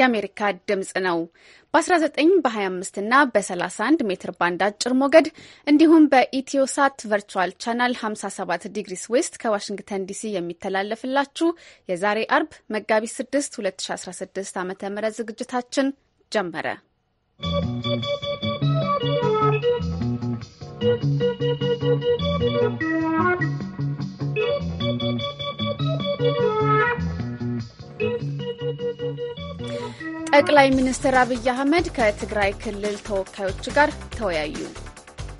የአሜሪካ ድምፅ ነው። በ19 በ25 እና በ31 ሜትር ባንድ አጭር ሞገድ እንዲሁም በኢትዮሳት ቨርቹዋል ቻናል 57 ዲግሪስ ዌስት ከዋሽንግተን ዲሲ የሚተላለፍላችሁ የዛሬ አርብ መጋቢት 6 2016 ዓ ም ዝግጅታችን ጀመረ። ጠቅላይ ሚኒስትር አብይ አህመድ ከትግራይ ክልል ተወካዮች ጋር ተወያዩ።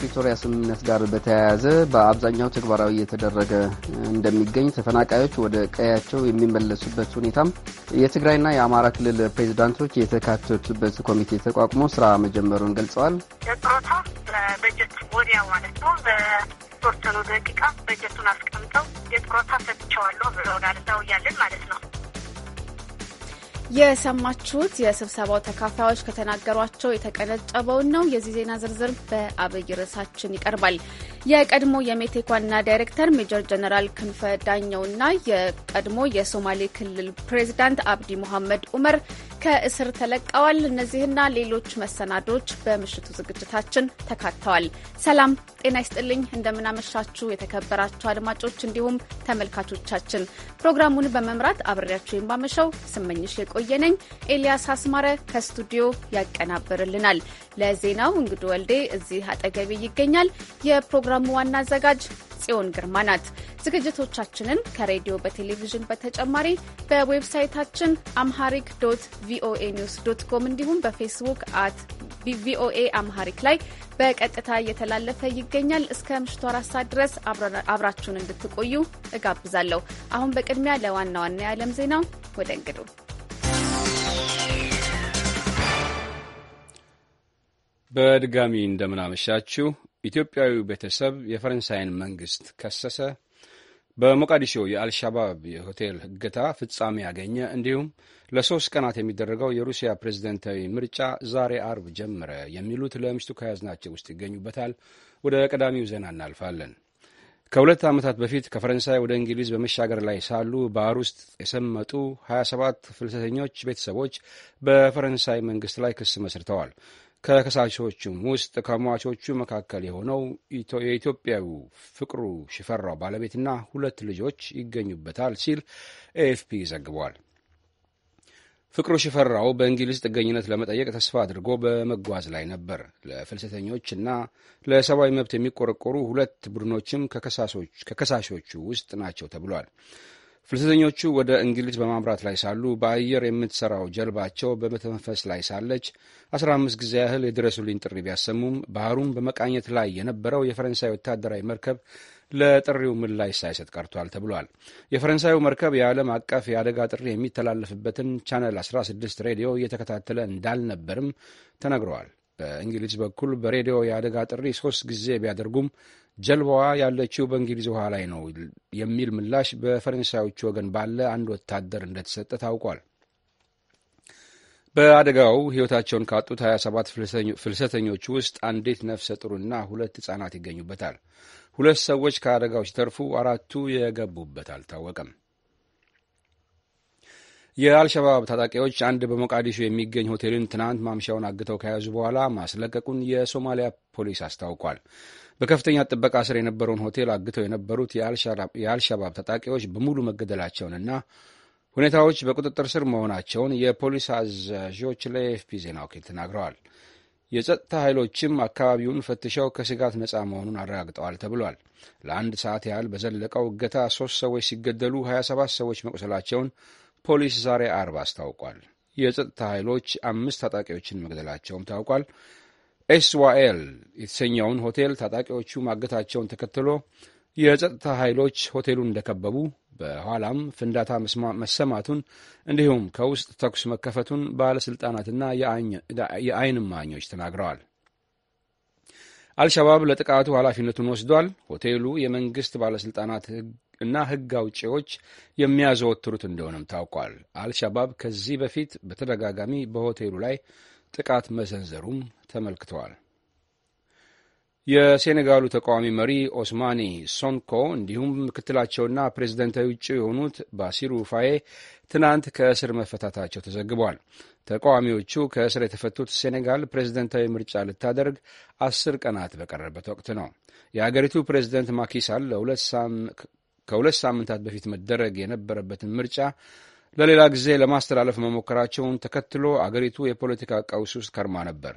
ፕሪቶሪያ ስምምነት ጋር በተያያዘ በአብዛኛው ተግባራዊ እየተደረገ እንደሚገኝ ተፈናቃዮች ወደ ቀያቸው የሚመለሱበት ሁኔታም የትግራይና የአማራ ክልል ፕሬዚዳንቶች የተካተቱበት ኮሚቴ ተቋቁሞ ስራ መጀመሩን ገልጸዋል። ጨጥሮታ በጀት ወዲያ ማለት ነው በተወሰኑ ደቂቃ በጀቱን አስቀምጠው የጥሮታ ሰጥቸዋለሁ ብለውናል። እዛው እያለን ማለት ነው የሰማችሁት የስብሰባው ተካፋዮች ከተናገሯቸው የተቀነጨበውን ነው። የዚህ ዜና ዝርዝር በአብይ ርዕሳችን ይቀርባል። የቀድሞ የሜቴክ ዋና ዳይሬክተር ሜጀር ጀነራል ክንፈ ዳኘውና የቀድሞ የሶማሌ ክልል ፕሬዚዳንት አብዲ ሙሐመድ ኡመር ከእስር ተለቀዋል። እነዚህና ሌሎች መሰናዶች በምሽቱ ዝግጅታችን ተካተዋል። ሰላም ጤና ይስጥልኝ። እንደምናመሻችሁ የተከበራችሁ አድማጮች እንዲሁም ተመልካቾቻችን፣ ፕሮግራሙን በመምራት አብሬያችሁ የማመሸው ስመኝሽ የቆየነኝ ኤልያስ አስማረ ከስቱዲዮ ያቀናብርልናል። ለዜናው እንግዱ ወልዴ እዚህ አጠገቤ ይገኛል። የፕሮግራሙ ዋና አዘጋጅ ጽዮን ግርማ ናት። ዝግጅቶቻችንን ከሬዲዮ በቴሌቪዥን በተጨማሪ በዌብሳይታችን አምሃሪክ ዶት ቪኦኤ ኒውስ ዶት ኮም እንዲሁም በፌስቡክ አት ቪኦኤ አምሃሪክ ላይ በቀጥታ እየተላለፈ ይገኛል። እስከ ምሽቱ አራት ሰዓት ድረስ አብራችሁን እንድትቆዩ እጋብዛለሁ። አሁን በቅድሚያ ለዋና ዋና የዓለም ዜናው ወደ እንግዱ በድጋሚ እንደምናመሻችሁ ኢትዮጵያዊ ቤተሰብ የፈረንሳይን መንግስት ከሰሰ፣ በሞቃዲሾ የአልሻባብ የሆቴል እገታ ፍጻሜ ያገኘ፣ እንዲሁም ለሶስት ቀናት የሚደረገው የሩሲያ ፕሬዝደንታዊ ምርጫ ዛሬ አርብ ጀመረ የሚሉት ለምሽቱ ከያዝናቸው ውስጥ ይገኙበታል። ወደ ቀዳሚው ዜና እናልፋለን። ከሁለት ዓመታት በፊት ከፈረንሳይ ወደ እንግሊዝ በመሻገር ላይ ሳሉ ባህር ውስጥ የሰመጡ 27 ፍልሰተኞች ቤተሰቦች በፈረንሳይ መንግስት ላይ ክስ መስርተዋል። ከከሳሾቹም ውስጥ ከሟቾቹ መካከል የሆነው የኢትዮጵያዊ ፍቅሩ ሽፈራው ባለቤትና ሁለት ልጆች ይገኙበታል ሲል ኤኤፍፒ ዘግቧል። ፍቅሩ ሽፈራው በእንግሊዝ ጥገኝነት ለመጠየቅ ተስፋ አድርጎ በመጓዝ ላይ ነበር። ለፍልሰተኞችና ለሰብአዊ መብት የሚቆረቆሩ ሁለት ቡድኖችም ከከሳሾቹ ውስጥ ናቸው ተብሏል። ፍልሰተኞቹ ወደ እንግሊዝ በማምራት ላይ ሳሉ በአየር የምትሠራው ጀልባቸው በመተንፈስ ላይ ሳለች 15 ጊዜ ያህል የድረሱልኝ ጥሪ ቢያሰሙም ባህሩን በመቃኘት ላይ የነበረው የፈረንሳይ ወታደራዊ መርከብ ለጥሪው ምላሽ ሳይሰጥ ቀርቷል ተብሏል። የፈረንሳዩ መርከብ የዓለም አቀፍ የአደጋ ጥሪ የሚተላለፍበትን ቻነል 16 ሬዲዮ እየተከታተለ እንዳልነበርም ተነግረዋል። በእንግሊዝ በኩል በሬዲዮ የአደጋ ጥሪ ሶስት ጊዜ ቢያደርጉም ጀልባዋ ያለችው በእንግሊዝ ውሃ ላይ ነው የሚል ምላሽ በፈረንሳዮቹ ወገን ባለ አንድ ወታደር እንደተሰጠ ታውቋል። በአደጋው ሕይወታቸውን ካጡት 27 ፍልሰተኞች ውስጥ አንዲት ነፍሰ ጥሩና ሁለት ሕፃናት ይገኙበታል። ሁለት ሰዎች ከአደጋው ሲተርፉ አራቱ የገቡበት አልታወቀም። የአልሸባብ ታጣቂዎች አንድ በሞቃዲሾ የሚገኝ ሆቴልን ትናንት ማምሻውን አግተው ከያዙ በኋላ ማስለቀቁን የሶማሊያ ፖሊስ አስታውቋል። በከፍተኛ ጥበቃ ስር የነበረውን ሆቴል አግተው የነበሩት የአልሸባብ ታጣቂዎች በሙሉ መገደላቸውንና ሁኔታዎች በቁጥጥር ስር መሆናቸውን የፖሊስ አዛዦች ለኤፍፒ ዜና ወኪል ተናግረዋል። የጸጥታ ኃይሎችም አካባቢውን ፈትሸው ከስጋት ነፃ መሆኑን አረጋግጠዋል ተብሏል። ለአንድ ሰዓት ያህል በዘለቀው እገታ ሶስት ሰዎች ሲገደሉ 27 ሰዎች መቁሰላቸውን ፖሊስ ዛሬ አርብ አስታውቋል። የጸጥታ ኃይሎች አምስት ታጣቂዎችን መግደላቸውም ታውቋል። ኤስዋኤል የተሰኘውን ሆቴል ታጣቂዎቹ ማገታቸውን ተከትሎ የጸጥታ ኃይሎች ሆቴሉን እንደከበቡ በኋላም ፍንዳታ መሰማቱን እንዲሁም ከውስጥ ተኩስ መከፈቱን ባለሥልጣናትና የዓይን እማኞች ተናግረዋል። አልሸባብ ለጥቃቱ ኃላፊነቱን ወስዷል። ሆቴሉ የመንግሥት ባለሥልጣናት እና ሕግ አውጪዎች የሚያዘወትሩት እንደሆነም ታውቋል። አልሸባብ ከዚህ በፊት በተደጋጋሚ በሆቴሉ ላይ ጥቃት መሰንዘሩም ተመልክተዋል። የሴኔጋሉ ተቃዋሚ መሪ ኦስማኒ ሶንኮ እንዲሁም ምክትላቸውና ፕሬዝደንታዊ እጩ የሆኑት ባሲሩ ፋዬ ትናንት ከእስር መፈታታቸው ተዘግቧል። ተቃዋሚዎቹ ከእስር የተፈቱት ሴኔጋል ፕሬዝደንታዊ ምርጫ ልታደርግ አስር ቀናት በቀረበት ወቅት ነው። የአገሪቱ ፕሬዝደንት ማኪሳል ከሁለት ሳምንታት በፊት መደረግ የነበረበትን ምርጫ ለሌላ ጊዜ ለማስተላለፍ መሞከራቸውን ተከትሎ አገሪቱ የፖለቲካ ቀውስ ውስጥ ከርማ ነበር።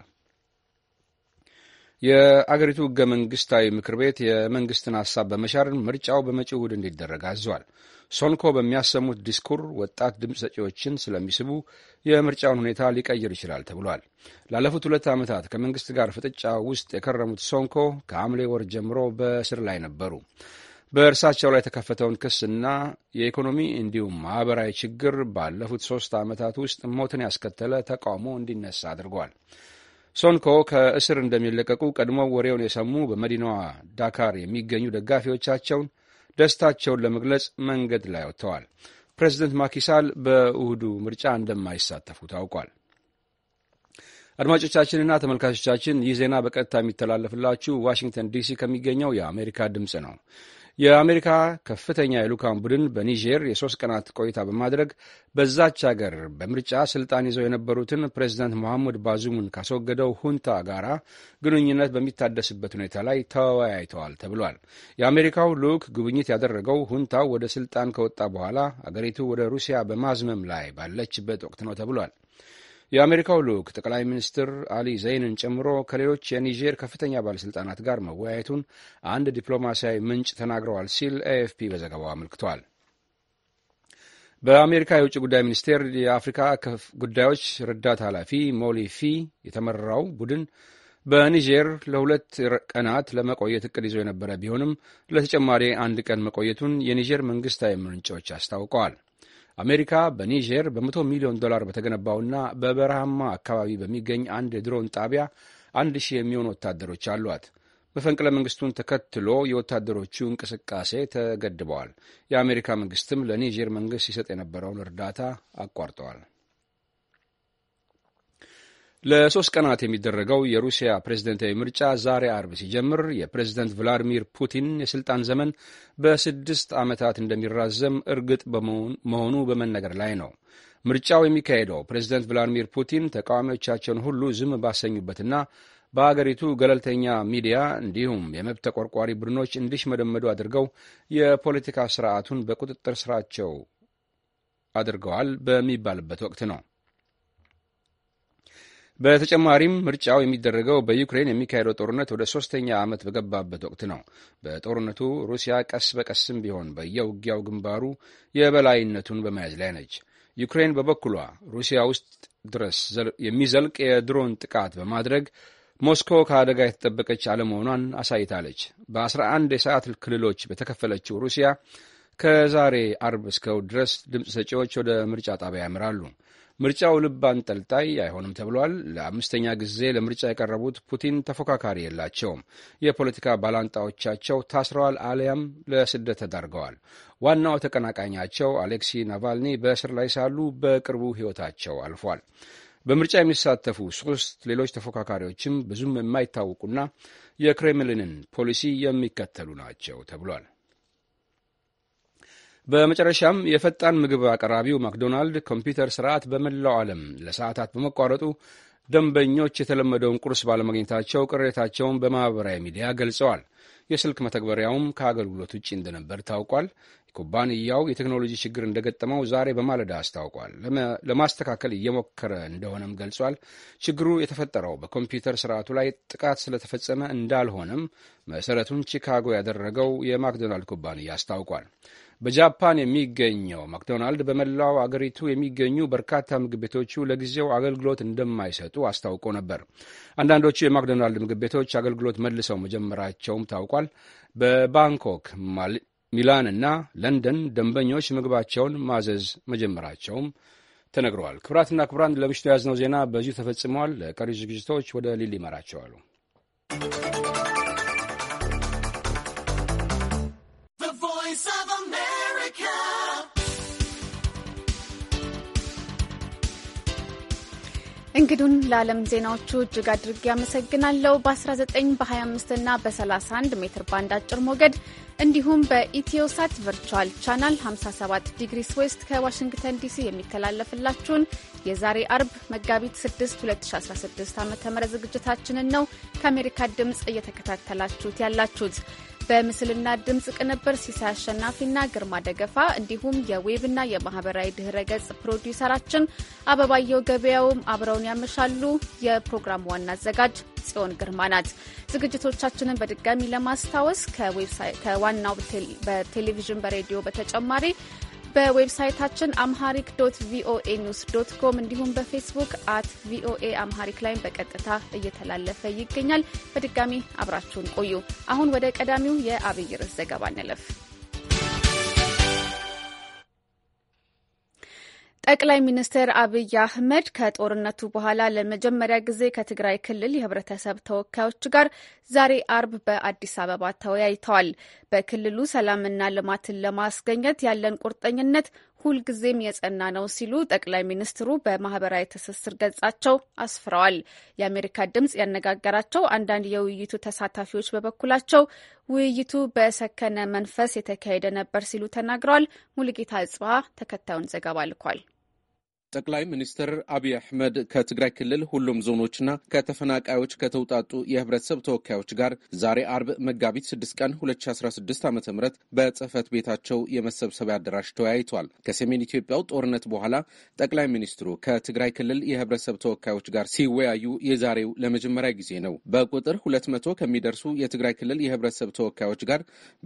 የአገሪቱ ህገ መንግስታዊ ምክር ቤት የመንግስትን ሀሳብ በመሻር ምርጫው በመጪው እሁድ እንዲደረግ አዟል። ሶንኮ በሚያሰሙት ዲስኩር ወጣት ድምፅ ሰጪዎችን ስለሚስቡ የምርጫውን ሁኔታ ሊቀይር ይችላል ተብሏል። ላለፉት ሁለት ዓመታት ከመንግስት ጋር ፍጥጫ ውስጥ የከረሙት ሶንኮ ከሐምሌ ወር ጀምሮ በእስር ላይ ነበሩ። በእርሳቸው ላይ የተከፈተውን ክስና የኢኮኖሚ እንዲሁም ማኅበራዊ ችግር ባለፉት ሦስት ዓመታት ውስጥ ሞትን ያስከተለ ተቃውሞ እንዲነሳ አድርጓል። ሶንኮ ከእስር እንደሚለቀቁ ቀድሞው ወሬውን የሰሙ በመዲናዋ ዳካር የሚገኙ ደጋፊዎቻቸውን ደስታቸውን ለመግለጽ መንገድ ላይ ወጥተዋል። ፕሬዚደንት ማኪሳል በእሁዱ ምርጫ እንደማይሳተፉ ታውቋል። አድማጮቻችንና ተመልካቾቻችን ይህ ዜና በቀጥታ የሚተላለፍላችሁ ዋሽንግተን ዲሲ ከሚገኘው የአሜሪካ ድምፅ ነው። የአሜሪካ ከፍተኛ የልዑካን ቡድን በኒጀር የሶስት ቀናት ቆይታ በማድረግ በዛች አገር በምርጫ ስልጣን ይዘው የነበሩትን ፕሬዚዳንት መሐሙድ ባዙሙን ካስወገደው ሁንታ ጋራ ግንኙነት በሚታደስበት ሁኔታ ላይ ተወያይተዋል ተብሏል። የአሜሪካው ልዑክ ጉብኝት ያደረገው ሁንታው ወደ ስልጣን ከወጣ በኋላ አገሪቱ ወደ ሩሲያ በማዝመም ላይ ባለችበት ወቅት ነው ተብሏል። የአሜሪካው ልዑክ ጠቅላይ ሚኒስትር አሊ ዘይንን ጨምሮ ከሌሎች የኒጀር ከፍተኛ ባለሥልጣናት ጋር መወያየቱን አንድ ዲፕሎማሲያዊ ምንጭ ተናግረዋል ሲል ኤኤፍፒ በዘገባው አመልክቷል። በአሜሪካ የውጭ ጉዳይ ሚኒስቴር የአፍሪካ ጉዳዮች ረዳት ኃላፊ ሞሊ ፊ የተመራው ቡድን በኒጀር ለሁለት ቀናት ለመቆየት እቅድ ይዞ የነበረ ቢሆንም ለተጨማሪ አንድ ቀን መቆየቱን የኒጀር መንግሥታዊ ምንጮች አስታውቀዋል። አሜሪካ በኒጀር በመቶ ሚሊዮን ዶላር በተገነባውና በበረሃማ አካባቢ በሚገኝ አንድ የድሮን ጣቢያ አንድ ሺህ የሚሆኑ ወታደሮች አሏት። መፈንቅለ መንግስቱን ተከትሎ የወታደሮቹ እንቅስቃሴ ተገድበዋል። የአሜሪካ መንግስትም ለኒጀር መንግስት ሲሰጥ የነበረውን እርዳታ አቋርጠዋል። ለሶስት ቀናት የሚደረገው የሩሲያ ፕሬዝደንታዊ ምርጫ ዛሬ አርብ ሲጀምር የፕሬዝደንት ቭላዲሚር ፑቲን የስልጣን ዘመን በስድስት ዓመታት እንደሚራዘም እርግጥ መሆኑ በመነገር ላይ ነው። ምርጫው የሚካሄደው ፕሬዝደንት ቭላዲሚር ፑቲን ተቃዋሚዎቻቸውን ሁሉ ዝም ባሰኙበትና በአገሪቱ ገለልተኛ ሚዲያ እንዲሁም የመብት ተቆርቋሪ ቡድኖች እንዲሽመደመዱ አድርገው የፖለቲካ ስርዓቱን በቁጥጥር ስራቸው አድርገዋል በሚባልበት ወቅት ነው። በተጨማሪም ምርጫው የሚደረገው በዩክሬን የሚካሄደው ጦርነት ወደ ሶስተኛ ዓመት በገባበት ወቅት ነው። በጦርነቱ ሩሲያ ቀስ በቀስም ቢሆን በየውጊያው ግንባሩ የበላይነቱን በመያዝ ላይ ነች። ዩክሬን በበኩሏ ሩሲያ ውስጥ ድረስ የሚዘልቅ የድሮን ጥቃት በማድረግ ሞስኮ ከአደጋ የተጠበቀች አለመሆኗን አሳይታለች። በ11 የሰዓት ክልሎች በተከፈለችው ሩሲያ ከዛሬ አርብ እስከ ድረስ ድምፅ ሰጪዎች ወደ ምርጫ ጣቢያ ያምራሉ። ምርጫው ልብ አንጠልጣይ አይሆንም ተብሏል። ለአምስተኛ ጊዜ ለምርጫ የቀረቡት ፑቲን ተፎካካሪ የላቸውም። የፖለቲካ ባላንጣዎቻቸው ታስረዋል አሊያም ለስደት ተዳርገዋል። ዋናው ተቀናቃኛቸው አሌክሲ ናቫልኒ በእስር ላይ ሳሉ በቅርቡ ሕይወታቸው አልፏል። በምርጫ የሚሳተፉ ሶስት ሌሎች ተፎካካሪዎችም ብዙም የማይታወቁና የክሬምሊንን ፖሊሲ የሚከተሉ ናቸው ተብሏል። በመጨረሻም የፈጣን ምግብ አቅራቢው ማክዶናልድ ኮምፒውተር ስርዓት በመላው ዓለም ለሰዓታት በመቋረጡ ደንበኞች የተለመደውን ቁርስ ባለማግኘታቸው ቅሬታቸውን በማኅበራዊ ሚዲያ ገልጸዋል። የስልክ መተግበሪያውም ከአገልግሎት ውጭ እንደነበር ታውቋል። ኩባንያው የቴክኖሎጂ ችግር እንደገጠመው ዛሬ በማለዳ አስታውቋል። ለማስተካከል እየሞከረ እንደሆነም ገልጿል። ችግሩ የተፈጠረው በኮምፒውተር ስርዓቱ ላይ ጥቃት ስለተፈጸመ እንዳልሆነም መሰረቱን ቺካጎ ያደረገው የማክዶናልድ ኩባንያ አስታውቋል። በጃፓን የሚገኘው ማክዶናልድ በመላው አገሪቱ የሚገኙ በርካታ ምግብ ቤቶቹ ለጊዜው አገልግሎት እንደማይሰጡ አስታውቆ ነበር። አንዳንዶቹ የማክዶናልድ ምግብ ቤቶች አገልግሎት መልሰው መጀመራቸውም ታውቋል። በባንኮክ ሚላን እና ለንደን ደንበኞች ምግባቸውን ማዘዝ መጀመራቸውም ተነግረዋል። ክብራትና ክብራን ለምሽቱ የያዝነው ዜና በዚሁ ተፈጽመዋል። ለቀሪ ዝግጅቶች ወደ ሊሊ ይመራቸዋሉ። እንግዱን ለዓለም ዜናዎቹ እጅግ አድርጌ ያመሰግናለሁ። በ19 በ25 እና በ31 ሜትር ባንድ አጭር ሞገድ እንዲሁም በኢትዮሳት ቨርቹዋል ቻናል 57 ዲግሪ ስዌስት ከዋሽንግተን ዲሲ የሚተላለፍላችሁን የዛሬ አርብ መጋቢት 6 2016 ዓ ም ዝግጅታችንን ነው ከአሜሪካ ድምፅ እየተከታተላችሁት ያላችሁት። በምስልና ድምፅ ቅንብር ሲሳይ አሸናፊና ግርማ ደገፋ እንዲሁም የዌብና የማህበራዊ ድህረ ገጽ ፕሮዲውሰራችን አበባየው ገበያውም አብረውን ያመሻሉ። የፕሮግራሙ ዋና አዘጋጅ ጽዮን ግርማ ናት። ዝግጅቶቻችንን በድጋሚ ለማስታወስ ከዋናው በቴሌቪዥን በሬዲዮ በተጨማሪ በዌብሳይታችን አምሃሪክ ዶት ቪኦኤ ኒውስ ዶት ኮም እንዲሁም በፌስቡክ አት ቪኦኤ አምሃሪክ ላይም በቀጥታ እየተላለፈ ይገኛል። በድጋሚ አብራችሁን ቆዩ። አሁን ወደ ቀዳሚው የአብይ ርዕስ ዘገባ እንለፍ። ጠቅላይ ሚኒስትር አብይ አህመድ ከጦርነቱ በኋላ ለመጀመሪያ ጊዜ ከትግራይ ክልል የህብረተሰብ ተወካዮች ጋር ዛሬ አርብ በአዲስ አበባ ተወያይተዋል። በክልሉ ሰላምና ልማትን ለማስገኘት ያለን ቁርጠኝነት ሁልጊዜም የጸና ነው ሲሉ ጠቅላይ ሚኒስትሩ በማህበራዊ ትስስር ገጻቸው አስፍረዋል። የአሜሪካ ድምጽ ያነጋገራቸው አንዳንድ የውይይቱ ተሳታፊዎች በበኩላቸው ውይይቱ በሰከነ መንፈስ የተካሄደ ነበር ሲሉ ተናግረዋል። ሙልጌታ እጽባ ተከታዩን ዘገባ ልኳል። ጠቅላይ ሚኒስትር አብይ አሕመድ ከትግራይ ክልል ሁሉም ዞኖችና ከተፈናቃዮች ከተውጣጡ የህብረተሰብ ተወካዮች ጋር ዛሬ አርብ መጋቢት 6 ቀን 2016 ዓ ም በጽህፈት ቤታቸው የመሰብሰቢያ አዳራሽ ተወያይቷል። ከሰሜን ኢትዮጵያው ጦርነት በኋላ ጠቅላይ ሚኒስትሩ ከትግራይ ክልል የህብረተሰብ ተወካዮች ጋር ሲወያዩ የዛሬው ለመጀመሪያ ጊዜ ነው። በቁጥር 200 ከሚደርሱ የትግራይ ክልል የህብረተሰብ ተወካዮች ጋር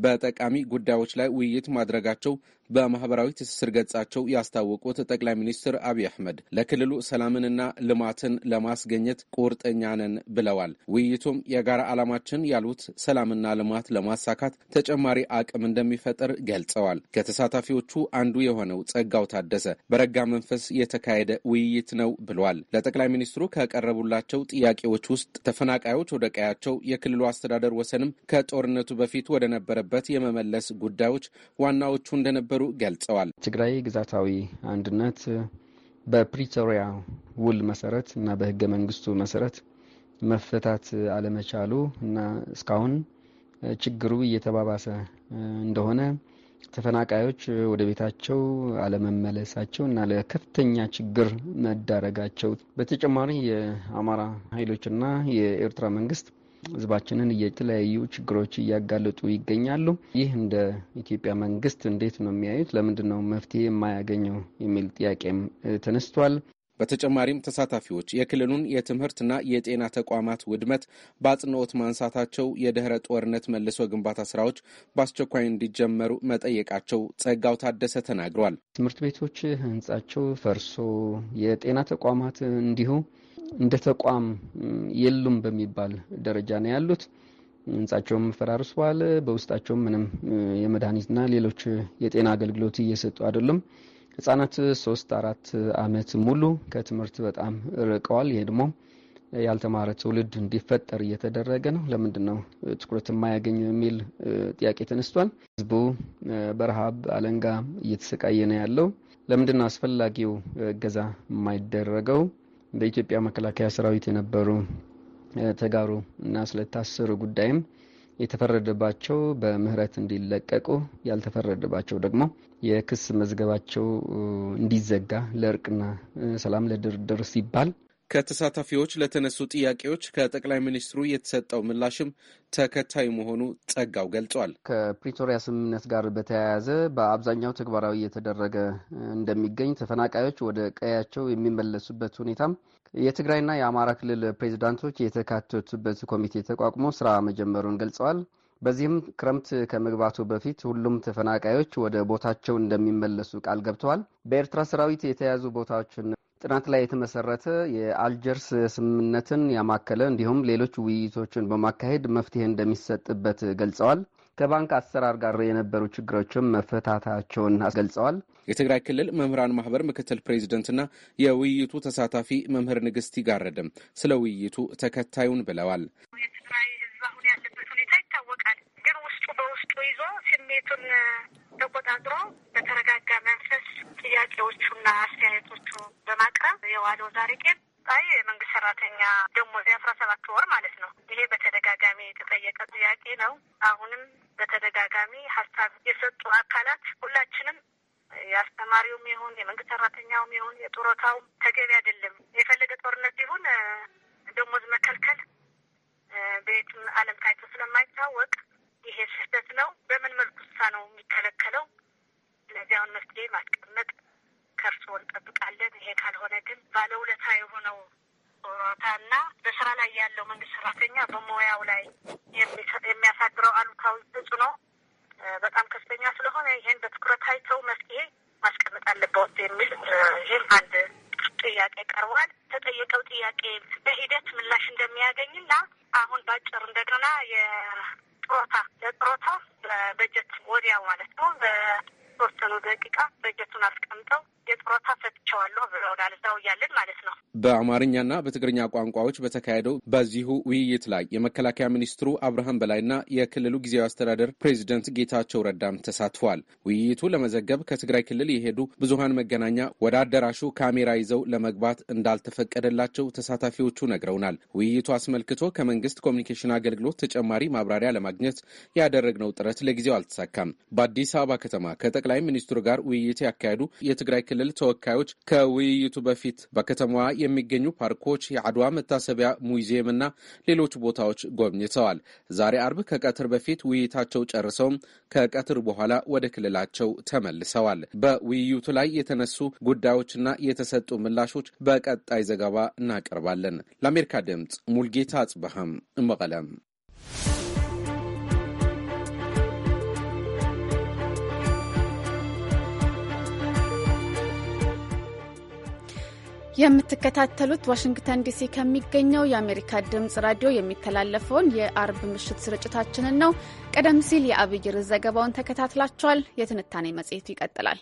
በጠቃሚ ጉዳዮች ላይ ውይይት ማድረጋቸው በማህበራዊ ትስስር ገጻቸው ያስታወቁት ጠቅላይ ሚኒስትር አብይ አህመድ ለክልሉ ሰላምንና ልማትን ለማስገኘት ቁርጠኛ ነን ብለዋል። ውይይቱም የጋራ ዓላማችን ያሉት ሰላምና ልማት ለማሳካት ተጨማሪ አቅም እንደሚፈጥር ገልጸዋል። ከተሳታፊዎቹ አንዱ የሆነው ጸጋው ታደሰ በረጋ መንፈስ የተካሄደ ውይይት ነው ብሏል። ለጠቅላይ ሚኒስትሩ ከቀረቡላቸው ጥያቄዎች ውስጥ ተፈናቃዮች ወደ ቀያቸው የክልሉ አስተዳደር ወሰንም ከጦርነቱ በፊት ወደነበረበት የመመለስ ጉዳዮች ዋናዎቹ እንደነበሩ እንደነበሩ ገልጸዋል። ትግራይ ግዛታዊ አንድነት በፕሪቶሪያ ውል መሰረት እና በህገ መንግስቱ መሰረት መፈታት አለመቻሉ እና እስካሁን ችግሩ እየተባባሰ እንደሆነ ተፈናቃዮች ወደ ቤታቸው አለመመለሳቸው እና ለከፍተኛ ችግር መዳረጋቸው በተጨማሪ የአማራ ኃይሎችና የኤርትራ መንግስት ህዝባችንን የተለያዩ ችግሮች እያጋለጡ ይገኛሉ። ይህ እንደ ኢትዮጵያ መንግስት እንዴት ነው የሚያዩት? ለምንድን ነው መፍትሄ የማያገኘው የሚል ጥያቄም ተነስቷል። በተጨማሪም ተሳታፊዎች የክልሉን የትምህርትና የጤና ተቋማት ውድመት በአጽንኦት ማንሳታቸው የድህረ ጦርነት መልሶ ግንባታ ስራዎች በአስቸኳይ እንዲጀመሩ መጠየቃቸው ጸጋው ታደሰ ተናግሯል። ትምህርት ቤቶች ህንጻቸው ፈርሶ የጤና ተቋማት እንዲሁ እንደ ተቋም የሉም በሚባል ደረጃ ነው ያሉት። ህንጻቸውም ፈራርሷል። በውስጣቸውም ምንም የመድኃኒትና ሌሎች የጤና አገልግሎት እየሰጡ አይደሉም። ህጻናት ሶስት አራት አመት ሙሉ ከትምህርት በጣም ርቀዋል። ይሄ ደግሞ ያልተማረ ትውልድ እንዲፈጠር እየተደረገ ነው። ለምንድን ነው ትኩረት የማያገኝ የሚል ጥያቄ ተነስቷል። ህዝቡ በረሃብ አለንጋ እየተሰቃየ ነው ያለው። ለምንድን ነው አስፈላጊው እገዛ የማይደረገው? በኢትዮጵያ መከላከያ ሰራዊት የነበሩ ተጋሩ እና ስለታሰሩ ጉዳይም የተፈረደባቸው በምህረት እንዲለቀቁ ያልተፈረደባቸው ደግሞ የክስ መዝገባቸው እንዲዘጋ ለእርቅና ሰላም ለድርድር ሲባል ከተሳታፊዎች ለተነሱ ጥያቄዎች ከጠቅላይ ሚኒስትሩ የተሰጠው ምላሽም ተከታይ መሆኑ ጸጋው ገልጿል። ከፕሪቶሪያ ስምምነት ጋር በተያያዘ በአብዛኛው ተግባራዊ እየተደረገ እንደሚገኝ ተፈናቃዮች ወደ ቀያቸው የሚመለሱበት ሁኔታም የትግራይና የአማራ ክልል ፕሬዚዳንቶች የተካተቱበት ኮሚቴ ተቋቁሞ ስራ መጀመሩን ገልጸዋል። በዚህም ክረምት ከመግባቱ በፊት ሁሉም ተፈናቃዮች ወደ ቦታቸው እንደሚመለሱ ቃል ገብተዋል። በኤርትራ ሰራዊት የተያዙ ቦታዎችን ጥናት ላይ የተመሰረተ የአልጀርስ ስምምነትን ያማከለ እንዲሁም ሌሎች ውይይቶችን በማካሄድ መፍትሄ እንደሚሰጥበት ገልጸዋል። ከባንክ አሰራር ጋር የነበሩ ችግሮችም መፈታታቸውን ገልጸዋል። የትግራይ ክልል መምህራን ማህበር ምክትል ፕሬዚደንትና የውይይቱ ተሳታፊ መምህር ንግስት ይጋረድም ስለ ውይይቱ ተከታዩን ብለዋል። የትግራይ በውስጡ ይዞ ስሜቱን ተቆጣጥሮ በተረጋጋ መንፈስ ጥያቄዎቹና አስተያየቶቹ በማቅረብ የዋለው ዛሬ ቄም የመንግስት ሰራተኛ ደግሞ የአስራ ሰባት ወር ማለት ነው። ይሄ በተደጋጋሚ የተጠየቀ ጥያቄ ነው። አሁንም በተደጋጋሚ ሀሳብ የሰጡ አካላት ሁላችንም የአስተማሪውም ይሁን የመንግስት ሰራተኛውም ይሁን የጡረታውም ተገቢ አይደለም። የፈለገ ጦርነት ይሁን ደሞዝ መከልከል በየትም ዓለም ታይቶ ስለማይታወቅ ይሄ ስህተት ነው። በምን መልኩ ሳ ነው የሚከለከለው? ለዚያውን መፍትሄ ማስቀመጥ ከእርስዎ እንጠብቃለን። ይሄ ካልሆነ ግን ባለውለታ የሆነው እና በስራ ላይ ያለው መንግስት ሰራተኛ በሙያው ላይ የሚያሳድረው አሉታዊ ተጽዕኖ በጣም ከፍተኛ ስለሆነ ይሄን በትኩረት አይተው መፍትሄ ማስቀመጥ አለበት የሚል ይህም አንድ ጥያቄ ቀርቧል። ተጠየቀው ጥያቄ በሂደት ምላሽ እንደሚያገኝና አሁን ባጭር እንደገና ፕሮታ ለፕሮታ በበጀት ወዲያ ማለት ነው በተወሰኑ ደቂቃ በጀቱን አስቀምጠው የጥሮታ ሰጥቸዋለሁ ብለውናል። እዛው እያለን ማለት ነው። በአማርኛና በትግርኛ ቋንቋዎች በተካሄደው በዚሁ ውይይት ላይ የመከላከያ ሚኒስትሩ አብርሃም በላይና የክልሉ ጊዜያዊ አስተዳደር ፕሬዚደንት ጌታቸው ረዳም ተሳትፏል። ውይይቱ ለመዘገብ ከትግራይ ክልል የሄዱ ብዙሀን መገናኛ ወደ አዳራሹ ካሜራ ይዘው ለመግባት እንዳልተፈቀደላቸው ተሳታፊዎቹ ነግረውናል። ውይይቱ አስመልክቶ ከመንግስት ኮሚኒኬሽን አገልግሎት ተጨማሪ ማብራሪያ ለማግኘት ያደረግነው ጥረት ለጊዜው አልተሳካም። በአዲስ አበባ ከተማ ከጠቅላይ ሚኒስትሩ ጋር ውይይት ያካሄዱ የትግራይ ክልል ተወካዮች ከውይይቱ በፊት በከተማዋ የሚገኙ ፓርኮች፣ የአድዋ መታሰቢያ ሙዚየም እና ሌሎች ቦታዎች ጎብኝተዋል። ዛሬ አርብ ከቀትር በፊት ውይይታቸው ጨርሰውም ከቀትር በኋላ ወደ ክልላቸው ተመልሰዋል። በውይይቱ ላይ የተነሱ ጉዳዮችና የተሰጡ ምላሾች በቀጣይ ዘገባ እናቀርባለን። ለአሜሪካ ድምፅ ሙልጌታ አጽበሃም መቀለም የምትከታተሉት ዋሽንግተን ዲሲ ከሚገኘው የአሜሪካ ድምፅ ራዲዮ የሚተላለፈውን የአርብ ምሽት ስርጭታችንን ነው። ቀደም ሲል የአብይር ዘገባውን ተከታትላችኋል። የትንታኔ መጽሔቱ ይቀጥላል።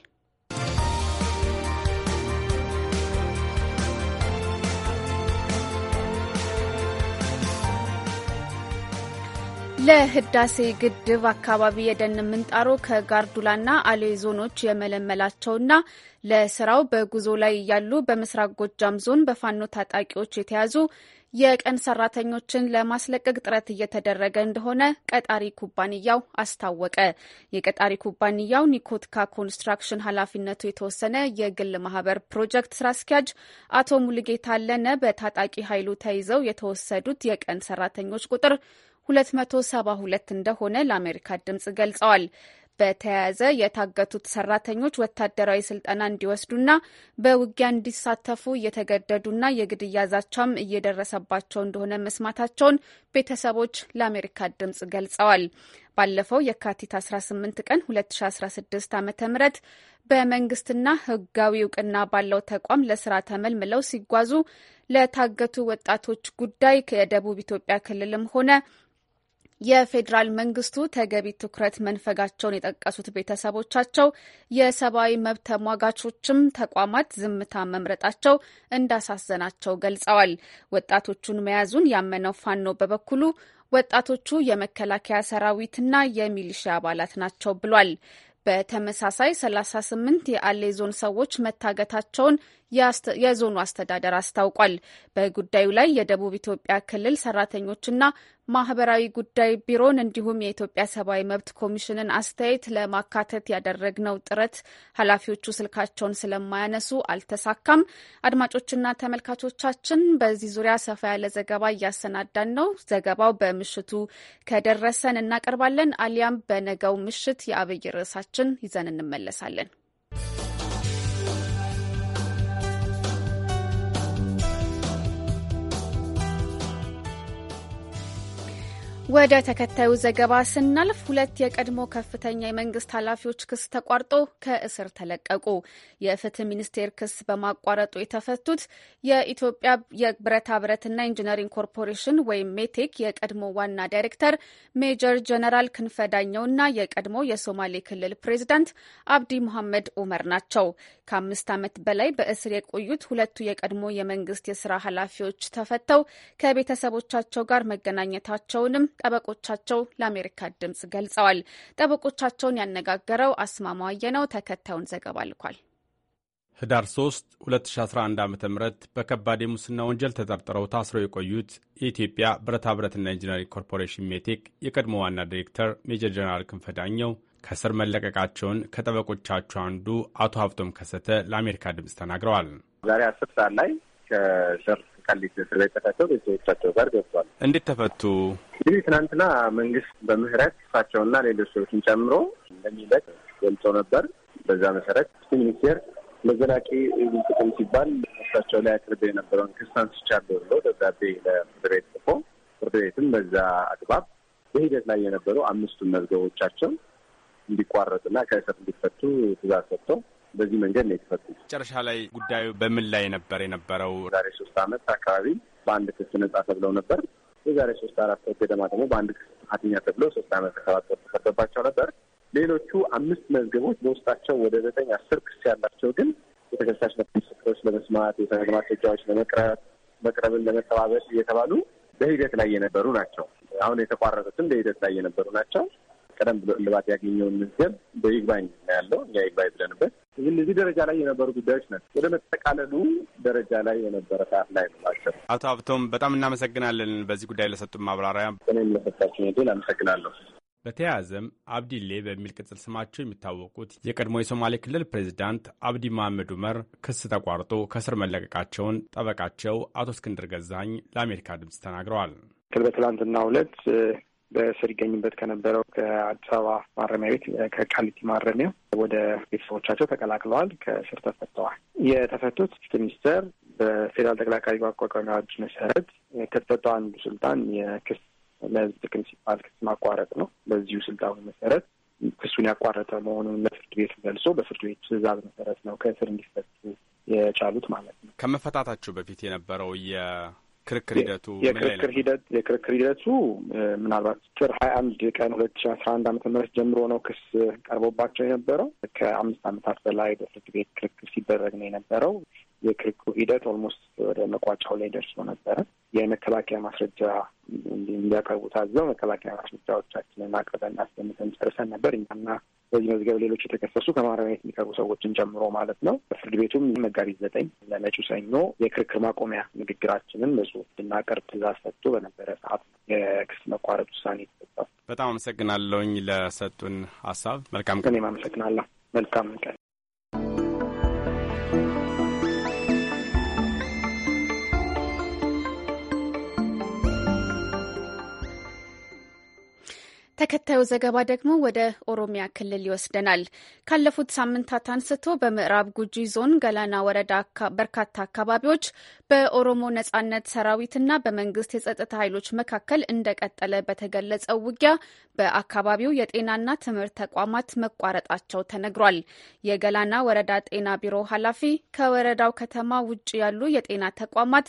ለህዳሴ ግድብ አካባቢ የደን ምንጣሮ ከጋርዱላና አሌ ዞኖች የመለመላቸውና ለስራው በጉዞ ላይ እያሉ በምስራቅ ጎጃም ዞን በፋኖ ታጣቂዎች የተያዙ የቀን ሰራተኞችን ለማስለቀቅ ጥረት እየተደረገ እንደሆነ ቀጣሪ ኩባንያው አስታወቀ። የቀጣሪ ኩባንያው ኒኮትካ ኮንስትራክሽን ኃላፊነቱ የተወሰነ የግል ማህበር ፕሮጀክት ስራ አስኪያጅ አቶ ሙሉጌታ ለነ በታጣቂ ኃይሉ ተይዘው የተወሰዱት የቀን ሰራተኞች ቁጥር 272 እንደሆነ ለአሜሪካ ድምጽ ገልጸዋል። በተያያዘ የታገቱት ሰራተኞች ወታደራዊ ስልጠና እንዲወስዱና በውጊያ እንዲሳተፉ እየተገደዱና የግድያ ዛቻም እየደረሰባቸው እንደሆነ መስማታቸውን ቤተሰቦች ለአሜሪካ ድምጽ ገልጸዋል። ባለፈው የካቲት 18 ቀን 2016 ዓ ም በመንግስትና ህጋዊ እውቅና ባለው ተቋም ለስራ ተመልምለው ሲጓዙ ለታገቱ ወጣቶች ጉዳይ ከደቡብ ኢትዮጵያ ክልልም ሆነ የፌዴራል መንግስቱ ተገቢ ትኩረት መንፈጋቸውን የጠቀሱት ቤተሰቦቻቸው የሰብአዊ መብት ተሟጋቾችም ተቋማት ዝምታ መምረጣቸው እንዳሳዘናቸው ገልጸዋል። ወጣቶቹን መያዙን ያመነው ፋኖ በበኩሉ ወጣቶቹ የመከላከያ ሰራዊትና የሚሊሻ አባላት ናቸው ብሏል። በተመሳሳይ 38 የአሌ ዞን ሰዎች መታገታቸውን የዞኑ አስተዳደር አስታውቋል። በጉዳዩ ላይ የደቡብ ኢትዮጵያ ክልል ሰራተኞችና ማህበራዊ ጉዳይ ቢሮን እንዲሁም የኢትዮጵያ ሰብአዊ መብት ኮሚሽንን አስተያየት ለማካተት ያደረግነው ጥረት ኃላፊዎቹ ስልካቸውን ስለማያነሱ አልተሳካም። አድማጮችና ተመልካቾቻችን በዚህ ዙሪያ ሰፋ ያለ ዘገባ እያሰናዳን ነው። ዘገባው በምሽቱ ከደረሰን እናቀርባለን። አሊያም በነገው ምሽት የአብይ ርዕሳችን ይዘን እንመለሳለን። ወደ ተከታዩ ዘገባ ስናልፍ ሁለት የቀድሞ ከፍተኛ የመንግስት ኃላፊዎች ክስ ተቋርጦ ከእስር ተለቀቁ። የፍትህ ሚኒስቴር ክስ በማቋረጡ የተፈቱት የኢትዮጵያ የብረታ ብረትና ኢንጂነሪንግ ኮርፖሬሽን ወይም ሜቴክ የቀድሞ ዋና ዳይሬክተር ሜጀር ጀነራል ክንፈ ዳኘውና የቀድሞ የሶማሌ ክልል ፕሬዚዳንት አብዲ መሐመድ ኡመር ናቸው። ከአምስት ዓመት በላይ በእስር የቆዩት ሁለቱ የቀድሞ የመንግስት የስራ ኃላፊዎች ተፈተው ከቤተሰቦቻቸው ጋር መገናኘታቸውንም ጠበቆቻቸው ለአሜሪካ ድምጽ ገልጸዋል። ጠበቆቻቸውን ያነጋገረው አስማማው ነው። ተከታዩን ዘገባ ልኳል። ህዳር 3 2011 ዓ ም በከባድ የሙስና ወንጀል ተጠርጥረው ታስረው የቆዩት የኢትዮጵያ ብረታ ብረትና ኢንጂነሪንግ ኮርፖሬሽን ሜቴክ የቀድሞ ዋና ዲሬክተር ሜጀር ጀነራል ክንፈ ዳኘው ከስር መለቀቃቸውን ከጠበቆቻቸው አንዱ አቶ ሀብቶም ከሰተ ለአሜሪካ ድምፅ ተናግረዋል። ዛሬ አስር ሰዓት ላይ ከእስር ቀሊት እስር ቤት ተፈተው ቤተሰቦቻቸው ጋር ገብቷል። እንዴት ተፈቱ? እንግዲህ ትናንትና መንግስት በምህረት እሳቸውና ሌሎች ሰዎችን ጨምሮ እንደሚለቅ ገልጾ ነበር። በዛ መሰረት ሚኒስቴር ለዘላቂ ጥቅም ሲባል እሳቸው ላይ አቅርቤ የነበረውን ክስ አንስቻለሁ ብሎ ደብዳቤ ለፍርድ ቤት ጽፎ ፍርድ ቤትም በዛ አግባብ በሂደት ላይ የነበሩ አምስቱን መዝገቦቻቸው እንዲቋረጥና ከእስር እንዲፈቱ ትእዛዝ ሰጥቶ በዚህ መንገድ ነው የተፈቱ። መጨረሻ ላይ ጉዳዩ በምን ላይ ነበር የነበረው? ዛሬ ሶስት አመት አካባቢ በአንድ ክስ ነጻ ተብለው ነበር። የዛሬ ሶስት አራት ሰው ገደማ ደግሞ በአንድ ክስ ጥፋተኛ ተብሎ ሶስት አመት ከሰባት ወር ተፈርዶባቸው ነበር። ሌሎቹ አምስት መዝገቦች በውስጣቸው ወደ ዘጠኝ አስር ክስ ያላቸው ግን የተከሳሽ ምስክሮች ለመስማት የሰነድ ማስረጃዎች ለመቅረብ መቅረብን ለመጠባበቅ እየተባሉ በሂደት ላይ የነበሩ ናቸው። አሁን የተቋረጡትም በሂደት ላይ የነበሩ ናቸው። ቀደም ብሎ እልባት ያገኘውን ነገር በይግባኝ ነው ያለው። እኛ ይግባኝ ብለንበት እዚህ ደረጃ ላይ የነበሩ ጉዳዮች ናቸው። ወደ መጠቃለሉ ደረጃ ላይ የነበረ ሰዓት ላይ ነው አቶ ሀብቶም በጣም እናመሰግናለን በዚህ ጉዳይ ለሰጡን ማብራሪያ። እኔም ለሰጣችን ድል አመሰግናለሁ። በተያያዘም አብዲሌ በሚል ቅጽል ስማቸው የሚታወቁት የቀድሞ የሶማሌ ክልል ፕሬዚዳንት አብዲ መሐመድ ዑመር ክስ ተቋርጦ ከስር መለቀቃቸውን ጠበቃቸው አቶ እስክንድር ገዛኝ ለአሜሪካ ድምፅ ተናግረዋል። ትል በትላንትና ሁለት በእስር ይገኝበት ከነበረው ከአዲስ አበባ ማረሚያ ቤት ከቃሊቲ ማረሚያ ወደ ቤተሰቦቻቸው ተቀላቅለዋል። ከእስር ተፈተዋል። የተፈቱት ፍትህ ሚኒስቴር በፌዴራል ጠቅላይ አቃቢ ማቋቋሚያ አዋጅ መሰረት ከተሰጠው አንዱ ስልጣን የክስ ለህዝብ ጥቅም ሲባል ክስ ማቋረጥ ነው። በዚሁ ስልጣኑ መሰረት ክሱን ያቋረጠ መሆኑን ለፍርድ ቤት ገልጾ በፍርድ ቤት ትዕዛዝ መሰረት ነው ከእስር እንዲፈቱ የቻሉት ማለት ነው። ከመፈታታቸው በፊት የነበረው ክርክር ሂደቱ የክርክር ሂደት የክርክር ሂደቱ ምናልባት ጥር ሀያ አንድ ቀን ሁለት ሺ አስራ አንድ አመተ ምህረት ጀምሮ ነው ክስ ቀርቦባቸው የነበረው። ከአምስት አመታት በላይ በፍርድ ቤት ክርክር ሲደረግ ነው የነበረው። የክርክሩ ሂደት ኦልሞስት ወደ መቋጫው ላይ ደርሶ ነበረ። የመከላከያ ማስረጃ እንዲያቀርቡ ታዘው መከላከያ ማስረጃዎቻችንን አቅርበን አስደምጠን ጨርሰን ነበር። እኛና በዚህ መዝገብ ሌሎች የተከሰሱ ከማረሚያ ቤት የሚቀርቡ ሰዎችን ጨምሮ ማለት ነው። በፍርድ ቤቱም መጋቢት ዘጠኝ ለመጪው ሰኞ የክርክር ማቆሚያ ንግግራችንን በጽሁፍ እንድናቀርብ ትእዛዝ ሰጥቶ በነበረ ሰዓት የክስ መቋረጥ ውሳኔ የተሰጠው። በጣም አመሰግናለውኝ ለሰጡን ሀሳብ። መልካም ቀን። እኔም አመሰግናለሁ። መልካም ቀን። ተከታዩ ዘገባ ደግሞ ወደ ኦሮሚያ ክልል ይወስደናል። ካለፉት ሳምንታት አንስቶ በምዕራብ ጉጂ ዞን ገላና ወረዳ በርካታ አካባቢዎች በኦሮሞ ነጻነት ሰራዊትና በመንግስት የጸጥታ ኃይሎች መካከል እንደቀጠለ በተገለጸው ውጊያ በአካባቢው የጤናና ትምህርት ተቋማት መቋረጣቸው ተነግሯል። የገላና ወረዳ ጤና ቢሮ ኃላፊ ከወረዳው ከተማ ውጭ ያሉ የጤና ተቋማት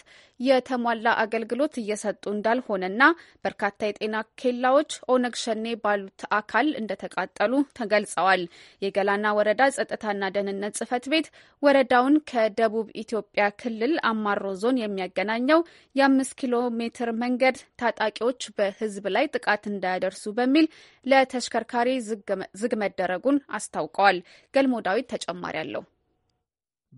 የተሟላ አገልግሎት እየሰጡ እንዳልሆነና በርካታ የጤና ኬላዎች ኦነግሸን ሸኔ ባሉት አካል እንደተቃጠሉ ተገልጸዋል። የገላና ወረዳ ጸጥታና ደህንነት ጽህፈት ቤት ወረዳውን ከደቡብ ኢትዮጵያ ክልል አማሮ ዞን የሚያገናኘው የአምስት ኪሎ ሜትር መንገድ ታጣቂዎች በህዝብ ላይ ጥቃት እንዳያደርሱ በሚል ለተሽከርካሪ ዝግ መደረጉን አስታውቀዋል። ገልሞ ዳዊት ተጨማሪ አለው።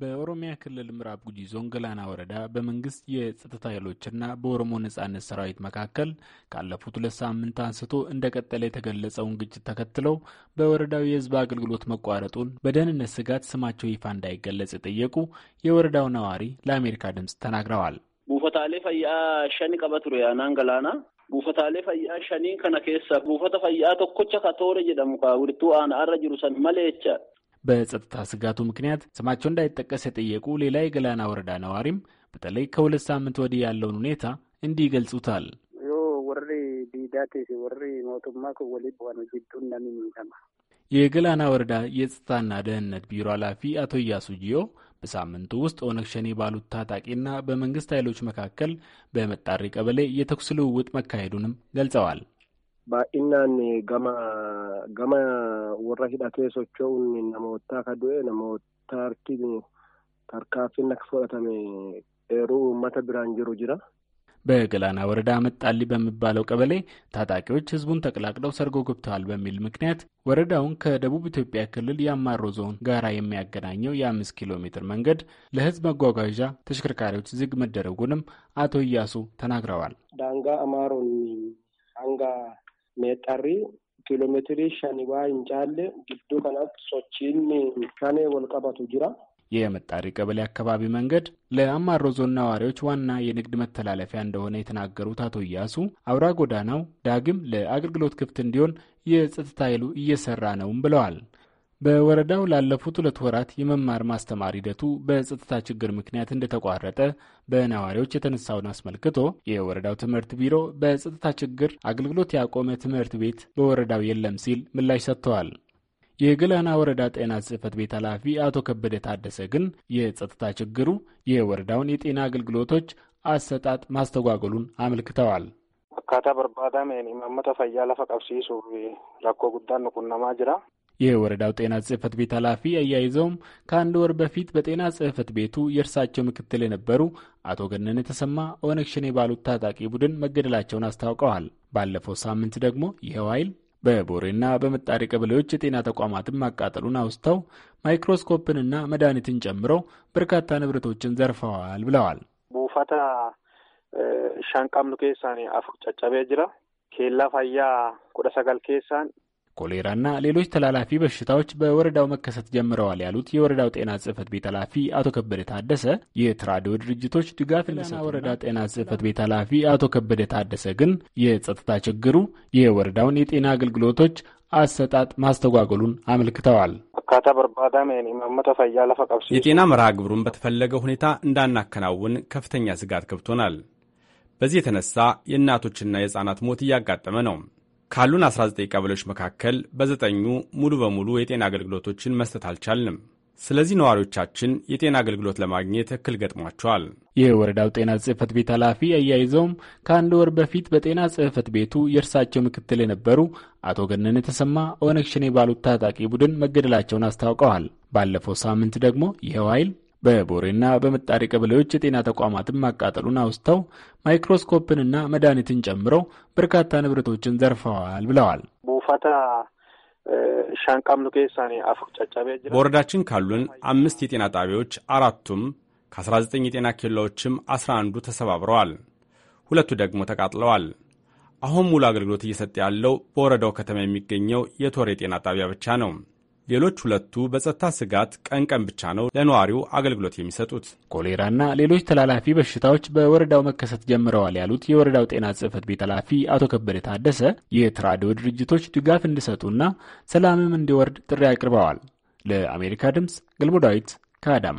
በኦሮሚያ ክልል ምዕራብ ጉጂ ዞን ገላና ወረዳ በመንግስት የጸጥታ ኃይሎችና በኦሮሞ ነጻነት ሰራዊት መካከል ካለፉት ሁለት ሳምንት አንስቶ እንደቀጠለ የተገለጸውን ግጭት ተከትለው በወረዳው የህዝብ አገልግሎት መቋረጡን በደህንነት ስጋት ስማቸው ይፋ እንዳይገለጽ የጠየቁ የወረዳው ነዋሪ ለአሜሪካ ድምፅ ተናግረዋል። ቡፈታሌ ፈያ ሸኒ ቀበቱሩ ያናን ገላና buufataalee fayyaa shanii kana keessaa buufata fayyaa tokkocha katoora jedhamu kaa wirtuu aana'arra jiru san maleecha በጸጥታ ስጋቱ ምክንያት ስማቸው እንዳይጠቀስ የጠየቁ ሌላ የገላና ወረዳ ነዋሪም በተለይ ከሁለት ሳምንት ወዲህ ያለውን ሁኔታ እንዲህ ይገልጹታል። የገላና ወረዳ የጸጥታና ደህንነት ቢሮ ኃላፊ አቶ እያሱ ጂዮ በሳምንቱ ውስጥ ኦነግ ሸኔ ባሉት ታጣቂና በመንግስት ኃይሎች መካከል በመጣሪ ቀበሌ የተኩስ ልውውጥ መካሄዱንም ገልጸዋል። baa'inaan gama gama warra hidhatee socho'uun namoota ka du'e namoota namootaatti tarkaaffiin akka fudhatame eeruu uummata biraan jiru jira። በገላና ወረዳ መጣሊ በሚባለው ቀበሌ ታጣቂዎች ህዝቡን ተቀላቅለው ሰርጎ ገብተዋል በሚል ምክንያት ወረዳውን ከደቡብ ኢትዮጵያ ክልል የአማሮ ዞን ጋራ የሚያገናኘው የአምስት ኪሎ ሜትር መንገድ ለህዝብ መጓጓዣ ተሽከርካሪዎች ዝግ መደረጉንም አቶ እያሱ ተናግረዋል። ዳንጋ አማሮን አንጋ meexxarri kiiloomeetirii shanii waa hin caalle gidduu kanatti sochiin shane wal qabatu jira። የመጣሪ ቀበሌ አካባቢ መንገድ ለአማሮ ዞን ነዋሪዎች ዋና የንግድ መተላለፊያ እንደሆነ የተናገሩት አቶ እያሱ አውራ ጎዳናው ዳግም ለአገልግሎት ክፍት እንዲሆን የጸጥታ ኃይሉ እየሰራ ነውም ብለዋል። በወረዳው ላለፉት ሁለት ወራት የመማር ማስተማር ሂደቱ በጸጥታ ችግር ምክንያት እንደተቋረጠ በነዋሪዎች የተነሳውን አስመልክቶ የወረዳው ትምህርት ቢሮ በጸጥታ ችግር አገልግሎት ያቆመ ትምህርት ቤት በወረዳው የለም ሲል ምላሽ ሰጥተዋል። የገላና ወረዳ ጤና ጽህፈት ቤት ኃላፊ አቶ ከበደ ታደሰ ግን የጸጥታ ችግሩ የወረዳውን የጤና አገልግሎቶች አሰጣጥ ማስተጓጎሉን አመልክተዋል። አካታ በርባዳ ሜን ማመተ ፈያ ለፈ ቀብሲሱ ለኮ ጉዳን ቁነማ ጅራ የወረዳው ጤና ጽሕፈት ቤት ኃላፊ አያይዘውም ከአንድ ወር በፊት በጤና ጽሕፈት ቤቱ የእርሳቸው ምክትል የነበሩ አቶ ገነን የተሰማ ኦነግ ሸኔ ባሉት ታጣቂ ቡድን መገደላቸውን አስታውቀዋል። ባለፈው ሳምንት ደግሞ ይኸው ኃይል በቦሬና በመጣሪ ቀበሌዎች የጤና ተቋማትን ማቃጠሉን አውስተው ማይክሮስኮፕንና መድኃኒትን ጨምሮ በርካታ ንብረቶችን ዘርፈዋል ብለዋል። ቡፋታ ሻንቃምኑ ኬሳኔ አፉ ጨጨቤ ጅራ ኬላ ፋያ ቁደሰጋል ኬሳን ኮሌራና ሌሎች ተላላፊ በሽታዎች በወረዳው መከሰት ጀምረዋል ያሉት የወረዳው ጤና ጽህፈት ቤት ኃላፊ አቶ ከበደ ታደሰ የትራዲዮ ድርጅቶች ድጋፍ ለሰ ወረዳ ጤና ጽህፈት ቤት ኃላፊ አቶ ከበደ ታደሰ ግን የጸጥታ ችግሩ የወረዳውን የጤና አገልግሎቶች አሰጣጥ ማስተጓገሉን አመልክተዋል። የጤና መርሃ ግብሩን በተፈለገ ሁኔታ እንዳናከናውን ከፍተኛ ስጋት ገብቶናል። በዚህ የተነሳ የእናቶችና የሕፃናት ሞት እያጋጠመ ነው። ካሉን 19 ቀበሌዎች መካከል በዘጠኙ ሙሉ በሙሉ የጤና አገልግሎቶችን መስጠት አልቻልንም። ስለዚህ ነዋሪዎቻችን የጤና አገልግሎት ለማግኘት እክል ገጥሟቸዋል። የወረዳው ጤና ጽህፈት ቤት ኃላፊ አያይዘውም ከአንድ ወር በፊት በጤና ጽህፈት ቤቱ የእርሳቸው ምክትል የነበሩ አቶ ገነን የተሰማ ኦነግ ሸኔ ባሉት ታጣቂ ቡድን መገደላቸውን አስታውቀዋል። ባለፈው ሳምንት ደግሞ ይኸው ኃይል በቦሬና በምጣሪ ቀበሌዎች የጤና ተቋማትን ማቃጠሉን አውስተው ማይክሮስኮፕንና መድኃኒትን ጨምሮ በርካታ ንብረቶችን ዘርፈዋል ብለዋል። ቡፋታ በወረዳችን ካሉን አምስት የጤና ጣቢያዎች አራቱም ከ19 የጤና ኬላዎችም 11 ተሰባብረዋል። ሁለቱ ደግሞ ተቃጥለዋል። አሁን ሙሉ አገልግሎት እየሰጠ ያለው በወረዳው ከተማ የሚገኘው የቶር የጤና ጣቢያ ብቻ ነው። ሌሎች ሁለቱ በጸጥታ ስጋት ቀን ቀን ብቻ ነው ለነዋሪው አገልግሎት የሚሰጡት። ኮሌራና ሌሎች ተላላፊ በሽታዎች በወረዳው መከሰት ጀምረዋል ያሉት የወረዳው ጤና ጽህፈት ቤት ኃላፊ አቶ ከበደ ታደሰ የተራድኦ ድርጅቶች ድጋፍ እንዲሰጡና ሰላምም እንዲወርድ ጥሪ አቅርበዋል። ለአሜሪካ ድምፅ ገልሞ ዳዊት ከአዳማ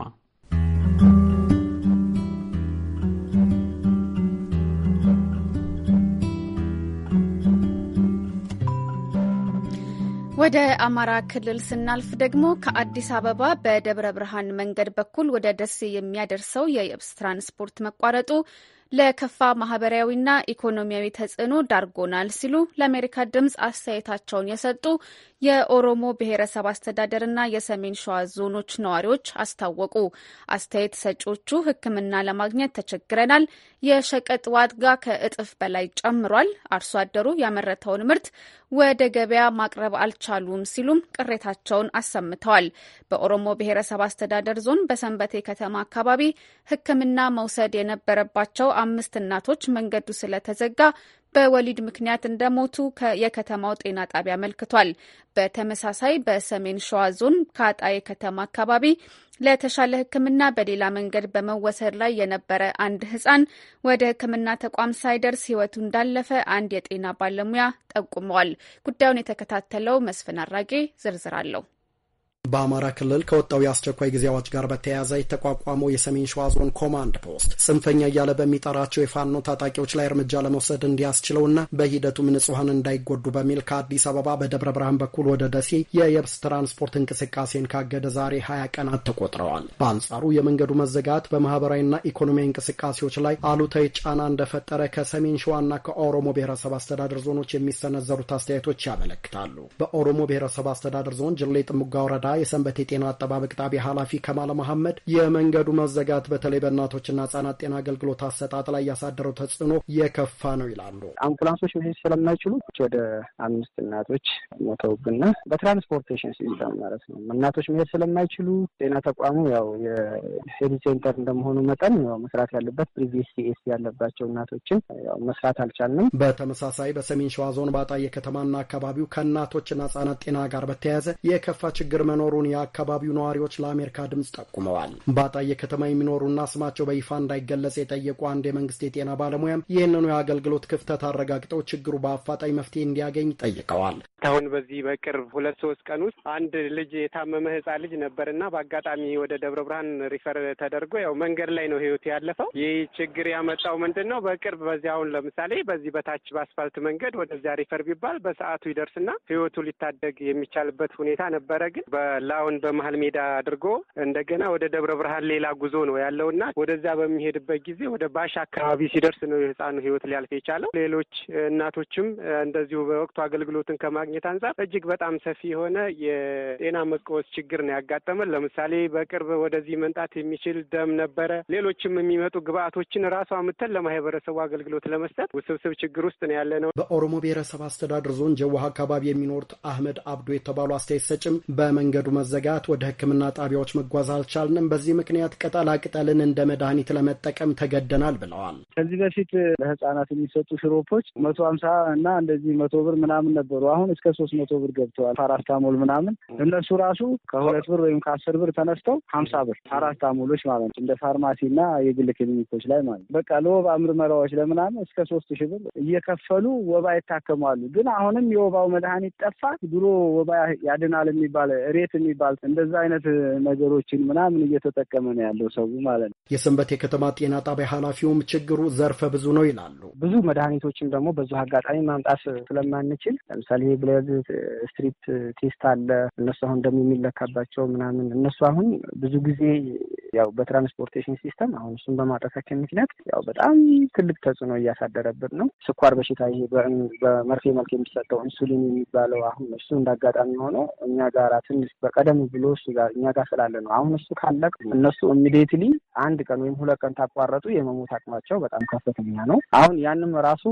ወደ አማራ ክልል ስናልፍ ደግሞ ከአዲስ አበባ በደብረ ብርሃን መንገድ በኩል ወደ ደሴ የሚያደርሰው የየብስ ትራንስፖርት መቋረጡ ለከፋ ማህበራዊና ኢኮኖሚያዊ ተጽዕኖ ዳርጎናል ሲሉ ለአሜሪካ ድምፅ አስተያየታቸውን የሰጡ የኦሮሞ ብሔረሰብ አስተዳደርና የሰሜን ሸዋ ዞኖች ነዋሪዎች አስታወቁ። አስተያየት ሰጪዎቹ ሕክምና ለማግኘት ተቸግረናል፣ የሸቀጥ ዋጋ ከእጥፍ በላይ ጨምሯል፣ አርሶ አደሩ ያመረተውን ምርት ወደ ገበያ ማቅረብ አልቻሉም ሲሉም ቅሬታቸውን አሰምተዋል። በኦሮሞ ብሔረሰብ አስተዳደር ዞን በሰንበቴ ከተማ አካባቢ ሕክምና መውሰድ የነበረባቸው አምስት እናቶች መንገዱ ስለተዘጋ በወሊድ ምክንያት እንደሞቱ የከተማው ጤና ጣቢያ አመልክቷል። በተመሳሳይ በሰሜን ሸዋ ዞን ካጣዬ ከተማ አካባቢ ለተሻለ ሕክምና በሌላ መንገድ በመወሰድ ላይ የነበረ አንድ ህጻን ወደ ሕክምና ተቋም ሳይደርስ ህይወቱ እንዳለፈ አንድ የጤና ባለሙያ ጠቁመዋል። ጉዳዩን የተከታተለው መስፍን አራጌ ዝርዝር አለው። በአማራ ክልል ከወጣው የአስቸኳይ ጊዜ አዋጅ ጋር በተያያዘ የተቋቋመው የሰሜን ሸዋ ዞን ኮማንድ ፖስት ጽንፈኛ እያለ በሚጠራቸው የፋኖ ታጣቂዎች ላይ እርምጃ ለመውሰድ እንዲያስችለውና በሂደቱም ንጹሐን እንዳይጎዱ በሚል ከአዲስ አበባ በደብረ ብርሃን በኩል ወደ ደሴ የየብስ ትራንስፖርት እንቅስቃሴን ካገደ ዛሬ ሀያ ቀናት ተቆጥረዋል። በአንጻሩ የመንገዱ መዘጋት በማህበራዊና ኢኮኖሚያዊ እንቅስቃሴዎች ላይ አሉታዊ ጫና እንደፈጠረ ከሰሜን ሸዋና ከኦሮሞ ብሔረሰብ አስተዳደር ዞኖች የሚሰነዘሩት አስተያየቶች ያመለክታሉ። በኦሮሞ ብሔረሰብ አስተዳደር ዞን ጅሌ ጥሙጋ ወረዳ የሰንበት የጤና አጠባበቅ ጣቢያ ኃላፊ ከማል መሐመድ የመንገዱ መዘጋት በተለይ በእናቶችና ህጻናት ጤና አገልግሎት አሰጣጥ ላይ ያሳደረው ተጽዕኖ የከፋ ነው ይላሉ። አምቡላንሶች መሄድ ስለማይችሉ ወደ አምስት እናቶች ሞተውብና በትራንስፖርቴሽን ሲስተም ማለት ነው። እናቶች መሄድ ስለማይችሉ ጤና ተቋሙ ያው የሄድ ሴንተር እንደመሆኑ መጠን ያው መስራት ያለበት ፕሪቪስ ሲኤስ ያለባቸው እናቶችን ያው መስራት አልቻልንም። በተመሳሳይ በሰሜን ሸዋ ዞን ባጣዬ ከተማና አካባቢው ከእናቶችና ህጻናት ጤና ጋር በተያያዘ የከፋ ችግር መኖር መኖሩን የአካባቢው ነዋሪዎች ለአሜሪካ ድምፅ ጠቁመዋል። በአጣዬ ከተማ የሚኖሩና ስማቸው በይፋ እንዳይገለጽ የጠየቁ አንድ የመንግስት የጤና ባለሙያም ይህንኑ የአገልግሎት ክፍተት አረጋግጠው ችግሩ በአፋጣኝ መፍትሄ እንዲያገኝ ጠይቀዋል። አሁን በዚህ በቅርብ ሁለት ሶስት ቀን ውስጥ አንድ ልጅ የታመመ ህፃን ልጅ ነበርና በአጋጣሚ ወደ ደብረ ብርሃን ሪፈር ተደርጎ ያው መንገድ ላይ ነው ህይወት ያለፈው። ይህ ችግር ያመጣው ምንድን ነው? በቅርብ በዚህ አሁን ለምሳሌ በዚህ በታች በአስፋልት መንገድ ወደዚያ ሪፈር ቢባል በሰዓቱ ይደርስና ህይወቱ ሊታደግ የሚቻልበት ሁኔታ ነበረ። ግን ላውን በመሀል ሜዳ አድርጎ እንደገና ወደ ደብረ ብርሃን ሌላ ጉዞ ነው ያለውና ወደዛ በሚሄድበት ጊዜ ወደ ባሽ አካባቢ ሲደርስ ነው የህፃኑ ህይወት ሊያልፍ የቻለው። ሌሎች እናቶችም እንደዚሁ በወቅቱ አገልግሎትን ከማግኘት አንጻር እጅግ በጣም ሰፊ የሆነ የጤና መቃወስ ችግር ነው ያጋጠመን። ለምሳሌ በቅርብ ወደዚህ መምጣት የሚችል ደም ነበረ። ሌሎችም የሚመጡ ግብአቶችን ራሷ ምትል ለማህበረሰቡ አገልግሎት ለመስጠት ውስብስብ ችግር ውስጥ ነው ያለ ነው። በኦሮሞ ብሔረሰብ አስተዳደር ዞን ጀዋሃ አካባቢ የሚኖሩት አህመድ አብዶ የተባሉ አስተያየት ሰጭም በመንገዱ በመንገዱ መዘጋት ወደ ሕክምና ጣቢያዎች መጓዝ አልቻልንም። በዚህ ምክንያት ቅጠላ ቅጠልን እንደ መድኃኒት ለመጠቀም ተገደናል ብለዋል። ከዚህ በፊት ለህጻናት የሚሰጡ ሽሮፖች መቶ ሀምሳ እና እንደዚህ መቶ ብር ምናምን ነበሩ። አሁን እስከ ሶስት መቶ ብር ገብተዋል። ፓራስታሞል ምናምን እነሱ ራሱ ከሁለት ብር ወይም ከአስር ብር ተነስተው ሀምሳ ብር ፓራስታሞሎች ማለት ነው። እንደ ፋርማሲና የግል ክሊኒኮች ላይ ማለት በቃ ለወባ ምርመራዎች ለምናምን እስከ ሶስት ሺ ብር እየከፈሉ ወባ ይታከማሉ። ግን አሁንም የወባው መድኃኒት ጠፋ። ድሮ ወባ ያድናል የሚባል ሬት የሚባል እንደዛ አይነት ነገሮችን ምናምን እየተጠቀመ ነው ያለው ሰው ማለት ነው። የሰንበት የከተማ ጤና ጣቢያ ኃላፊውም ችግሩ ዘርፈ ብዙ ነው ይላሉ። ብዙ መድኃኒቶችን ደግሞ በዙ አጋጣሚ ማምጣት ስለማንችል ለምሳሌ ብለድ ስትሪፕ ቴስት አለ እነሱ አሁን ደግሞ የሚለካባቸው ምናምን እነሱ አሁን ብዙ ጊዜ ያው በትራንስፖርቴሽን ሲስተም አሁን እሱን በማጣታችን ምክንያት ያው በጣም ትልቅ ተጽዕኖ እያሳደረብን ነው። ስኳር በሽታ ይሄ በመርፌ መልክ የሚሰጠው ኢንሱሊን የሚባለው አሁን እሱ እንዳጋጣሚ ሆኖ እኛ ጋራ ትንሽ በቀደም ብሎ እሱ ጋር እኛ ጋር ስላለ ነው። አሁን እሱ ካለቅ እነሱ ኢሚዲየትሊ አንድ ቀን ወይም ሁለት ቀን ታቋረጡ የመሞት አቅማቸው በጣም ከፍተኛ ነው። አሁን ያንም ራሱ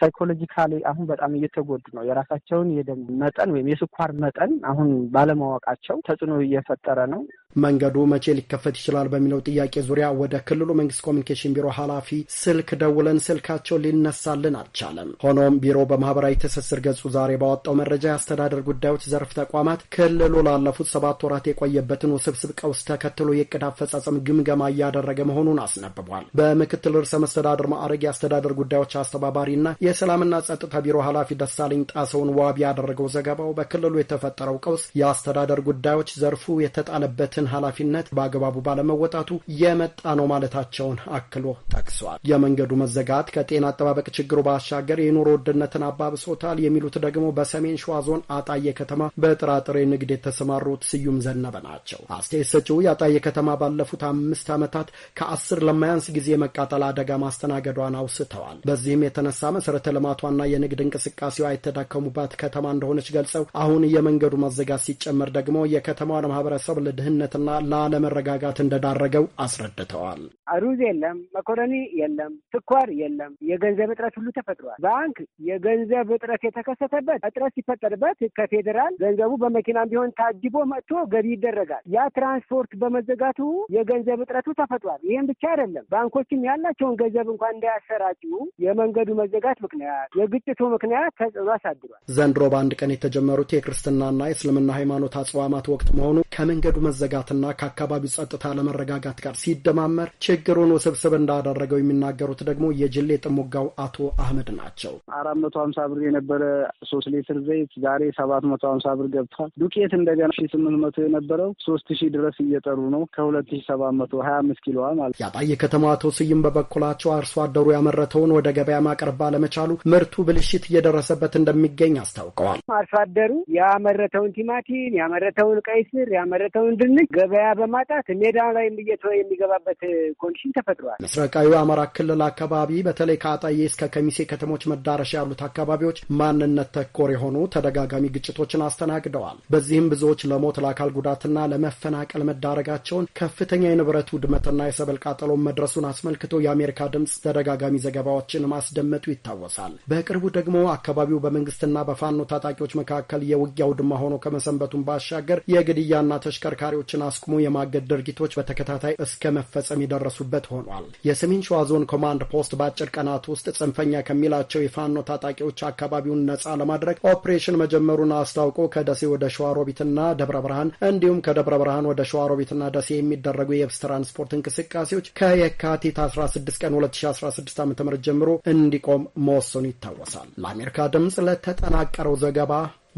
ሳይኮሎጂካሊ አሁን በጣም እየተጎዱ ነው። የራሳቸውን የደም መጠን ወይም የስኳር መጠን አሁን ባለማወቃቸው ተጽዕኖ እየፈጠረ ነው። መንገዱ መቼ ሊከፈት ይችላል በሚለው ጥያቄ ዙሪያ ወደ ክልሉ መንግስት ኮሚኒኬሽን ቢሮ ኃላፊ ስልክ ደውለን ስልካቸው ሊነሳልን አልቻለም። ሆኖም ቢሮ በማህበራዊ ትስስር ገጹ ዛሬ ባወጣው መረጃ የአስተዳደር ጉዳዮች ዘርፍ ተቋማት ክልሉ ላለፉት ሰባት ወራት የቆየበትን ውስብስብ ቀውስ ተከትሎ የእቅድ አፈጻጸም ግምገማ እያደረገ መሆኑን አስነብቧል። በምክትል ርዕሰ መስተዳድር ማዕረግ የአስተዳደር ጉዳዮች አስተባባሪና የሰላምና ጸጥታ ቢሮ ኃላፊ ደሳለኝ ጣሰውን ዋቢ ያደረገው ዘገባው በክልሉ የተፈጠረው ቀውስ የአስተዳደር ጉዳዮች ዘርፉ የተጣለበትን የመንግስትን ኃላፊነት በአግባቡ ባለመወጣቱ የመጣ ነው ማለታቸውን አክሎ ጠቅሷል። የመንገዱ መዘጋት ከጤና አጠባበቅ ችግሩ ባሻገር የኑሮ ውድነትን አባብሶታል የሚሉት ደግሞ በሰሜን ሸዋ ዞን አጣዬ ከተማ በጥራጥሬ ንግድ የተሰማሩት ስዩም ዘነበ ናቸው። አስተያየት ሰጪው የአጣዬ ከተማ ባለፉት አምስት ዓመታት ከአስር ለማያንስ ጊዜ መቃጠል አደጋ ማስተናገዷን አውስተዋል። በዚህም የተነሳ መሰረተ ልማቷና የንግድ እንቅስቃሴዋ የተዳከሙባት ከተማ እንደሆነች ገልጸው አሁን የመንገዱ መዘጋት ሲጨመር ደግሞ የከተማዋን ማህበረሰብ ለድህነት ለግጭትና ላለመረጋጋት እንደዳረገው አስረድተዋል። ሩዝ የለም፣ መኮረኒ የለም፣ ስኳር የለም። የገንዘብ እጥረት ሁሉ ተፈጥሯል። ባንክ የገንዘብ እጥረት የተከሰተበት እጥረት ሲፈጠርበት ከፌዴራል ገንዘቡ በመኪናም ቢሆን ታጅቦ መጥቶ ገቢ ይደረጋል። ያ ትራንስፖርት በመዘጋቱ የገንዘብ እጥረቱ ተፈጥሯል። ይህም ብቻ አይደለም። ባንኮችም ያላቸውን ገንዘብ እንኳን እንዳያሰራጩ የመንገዱ መዘጋት ምክንያት፣ የግጭቱ ምክንያት ተጽዕኖ አሳድሯል። ዘንድሮ በአንድ ቀን የተጀመሩት የክርስትናና የእስልምና ሃይማኖት አጽዋማት ወቅት መሆኑ ከመንገዱ መዘጋት ጉዳትና ከአካባቢ ጸጥታ ለመረጋጋት ጋር ሲደማመር ችግሩን ውስብስብ እንዳደረገው የሚናገሩት ደግሞ የጅሌ ጥሙጋው አቶ አህመድ ናቸው። አራት መቶ ሀምሳ ብር የነበረ ሶስት ሊትር ዘይት ዛሬ ሰባት መቶ ሀምሳ ብር ገብቷል። ዱቄት እንደገና ሺ ስምንት መቶ የነበረው ሶስት ሺህ ድረስ እየጠሩ ነው። ከሁለት ሺ ሰባት መቶ ሀያ አምስት ኪሎ ማለት ያጣየ ከተማ አቶ ስይም በበኩላቸው አርሶ አደሩ ያመረተውን ወደ ገበያ ማቅረብ ባለመቻሉ ምርቱ ብልሽት እየደረሰበት እንደሚገኝ አስታውቀዋል። አርሶ አደሩ ያመረተውን ቲማቲም፣ ያመረተውን ቀይ ስር፣ ያመረተውን ድንች ገበያ በማጣት ሜዳ ላይ እየተወ የሚገባበት ኮንዲሽን ተፈጥሯል። ምስራቃዊ አማራ ክልል አካባቢ በተለይ ከአጣዬ እስከ ከሚሴ ከተሞች መዳረሻ ያሉት አካባቢዎች ማንነት ተኮር የሆኑ ተደጋጋሚ ግጭቶችን አስተናግደዋል። በዚህም ብዙዎች ለሞት ለአካል ጉዳትና ለመፈናቀል መዳረጋቸውን ከፍተኛ የንብረት ውድመትና የሰብል ቃጠሎ መድረሱን አስመልክቶ የአሜሪካ ድምፅ ተደጋጋሚ ዘገባዎችን ማስደመጡ ይታወሳል። በቅርቡ ደግሞ አካባቢው በመንግስትና በፋኖ ታጣቂዎች መካከል የውጊያ ውድማ ሆኖ ከመሰንበቱን ባሻገር የግድያና ተሽከርካሪዎችን ሰዎችን አስቁሞ የማገድ ድርጊቶች በተከታታይ እስከ መፈጸም የደረሱበት ሆኗል። የሰሜን ሸዋ ዞን ኮማንድ ፖስት በአጭር ቀናት ውስጥ ጽንፈኛ ከሚላቸው የፋኖ ታጣቂዎች አካባቢውን ነፃ ለማድረግ ኦፕሬሽን መጀመሩን አስታውቆ ከደሴ ወደ ሸዋሮቢትና ደብረ ብርሃን እንዲሁም ከደብረ ብርሃን ወደ ሸዋሮቢትና ደሴ የሚደረጉ የብስ ትራንስፖርት እንቅስቃሴዎች ከየካቲት 16 ቀን 2016 ዓ ም ጀምሮ እንዲቆም መወሰኑ ይታወሳል። ለአሜሪካ ድምፅ ለተጠናቀረው ዘገባ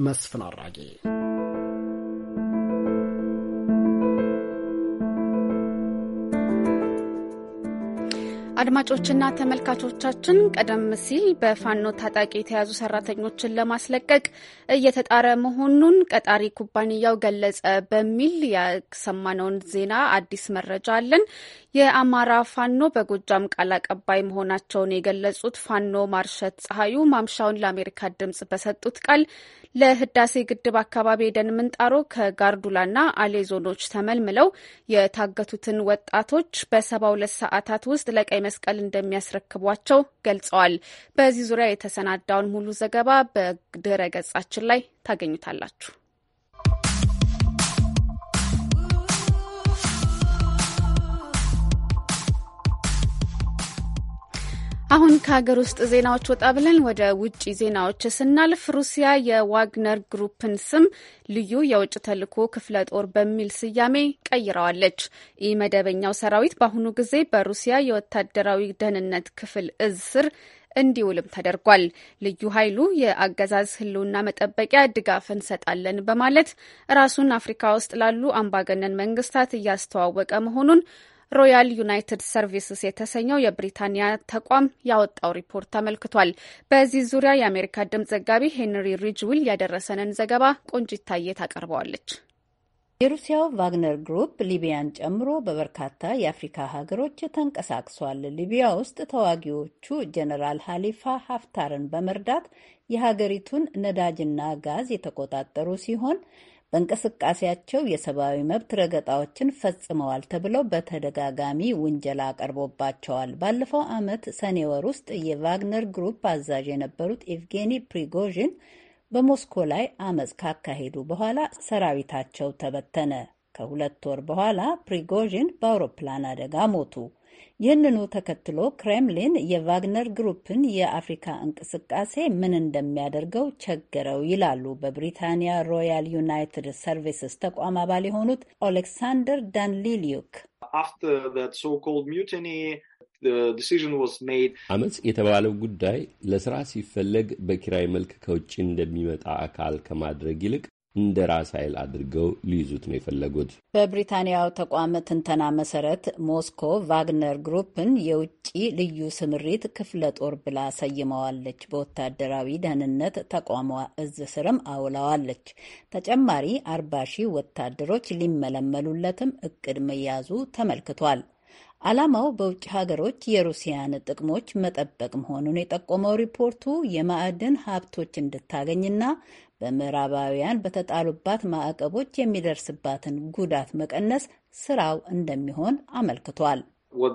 መስፍን አራጌ አድማጮችና ተመልካቾቻችን ቀደም ሲል በፋኖ ታጣቂ የተያዙ ሰራተኞችን ለማስለቀቅ እየተጣረ መሆኑን ቀጣሪ ኩባንያው ገለጸ በሚል ያሰማነውን ዜና አዲስ መረጃ አለን። የአማራ ፋኖ በጎጃም ቃል አቀባይ መሆናቸውን የገለጹት ፋኖ ማርሸት ፀሐዩ ማምሻውን ለአሜሪካ ድምጽ በሰጡት ቃል ለህዳሴ ግድብ አካባቢ የደን ምንጣሮ ከጋርዱላና አሌ ዞኖች ተመልምለው የታገቱትን ወጣቶች በሰባ ሁለት ሰዓታት ውስጥ ለቀይ መስቀል እንደሚያስረክቧቸው ገልጸዋል። በዚህ ዙሪያ የተሰናዳውን ሙሉ ዘገባ በድረ ገጻችን ላይ ታገኙታላችሁ። አሁን ከሀገር ውስጥ ዜናዎች ወጣ ብለን ወደ ውጭ ዜናዎች ስናልፍ ሩሲያ የዋግነር ግሩፕን ስም ልዩ የውጭ ተልኮ ክፍለ ጦር በሚል ስያሜ ቀይረዋለች። ይህ መደበኛው ሰራዊት በአሁኑ ጊዜ በሩሲያ የወታደራዊ ደህንነት ክፍል እዝ ስር እንዲውልም ተደርጓል። ልዩ ኃይሉ የአገዛዝ ህልውና መጠበቂያ ድጋፍ እንሰጣለን በማለት ራሱን አፍሪካ ውስጥ ላሉ አምባገነን መንግስታት እያስተዋወቀ መሆኑን ሮያል ዩናይትድ ሰርቪስስ የተሰኘው የብሪታንያ ተቋም ያወጣው ሪፖርት ተመልክቷል። በዚህ ዙሪያ የአሜሪካ ድምፅ ዘጋቢ ሄንሪ ሪጅዊል ያደረሰንን ዘገባ ቆንጂታዬ ታቀርበዋለች። የሩሲያው ቫግነር ግሩፕ ሊቢያን ጨምሮ በበርካታ የአፍሪካ ሀገሮች ተንቀሳቅሷል። ሊቢያ ውስጥ ተዋጊዎቹ ጀነራል ሀሊፋ ሀፍታርን በመርዳት የሀገሪቱን ነዳጅና ጋዝ የተቆጣጠሩ ሲሆን በእንቅስቃሴያቸው የሰብአዊ መብት ረገጣዎችን ፈጽመዋል ተብለው በተደጋጋሚ ውንጀላ አቀርቦባቸዋል። ባለፈው ዓመት ሰኔ ወር ውስጥ የቫግነር ግሩፕ አዛዥ የነበሩት ኤቭጌኒ ፕሪጎዥን በሞስኮ ላይ አመፅ ካካሄዱ በኋላ ሰራዊታቸው ተበተነ። ከሁለት ወር በኋላ ፕሪጎዥን በአውሮፕላን አደጋ ሞቱ። ይህንኑ ተከትሎ ክሬምሊን የቫግነር ግሩፕን የአፍሪካ እንቅስቃሴ ምን እንደሚያደርገው ቸገረው ይላሉ በብሪታንያ ሮያል ዩናይትድ ሰርቪስስ ተቋም አባል የሆኑት ኦሌክሳንደር ዳንሊሊዩክ። አመፅ የተባለው ጉዳይ ለስራ ሲፈለግ በኪራይ መልክ ከውጭ እንደሚመጣ አካል ከማድረግ ይልቅ እንደ ራስ ኃይል አድርገው ሊይዙት ነው የፈለጉት። በብሪታንያው ተቋም ትንተና መሰረት ሞስኮ ቫግነር ግሩፕን የውጭ ልዩ ስምሪት ክፍለ ጦር ብላ ሰይመዋለች። በወታደራዊ ደህንነት ተቋሟ እዝ ስርም አውላዋለች። ተጨማሪ አርባ ሺህ ወታደሮች ሊመለመሉለትም እቅድ መያዙ ተመልክቷል። ዓላማው በውጭ ሀገሮች የሩሲያን ጥቅሞች መጠበቅ መሆኑን የጠቆመው ሪፖርቱ የማዕድን ሀብቶች እንድታገኝና በምዕራባውያን በተጣሉባት ማዕቀቦች የሚደርስባትን ጉዳት መቀነስ ስራው እንደሚሆን አመልክቷል። uh,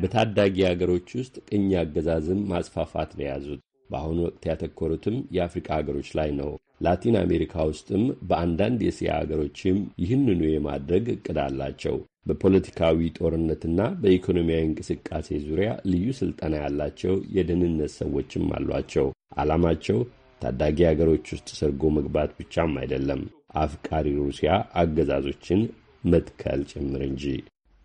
uh, በታዳጊ ሀገሮች ውስጥ ቅኝ አገዛዝን ማስፋፋት ነው የያዙት። በአሁኑ ወቅት ያተኮሩትም የአፍሪካ ሀገሮች ላይ ነው። ላቲን አሜሪካ ውስጥም በአንዳንድ የእስያ ሀገሮችም ይህንኑ የማድረግ እቅድ አላቸው። በፖለቲካዊ ጦርነትና በኢኮኖሚያዊ እንቅስቃሴ ዙሪያ ልዩ ስልጠና ያላቸው የደህንነት ሰዎችም አሏቸው። ዓላማቸው ታዳጊ ሀገሮች ውስጥ ሰርጎ መግባት ብቻም አይደለም፣ አፍቃሪ ሩሲያ አገዛዞችን መትከል ጭምር እንጂ።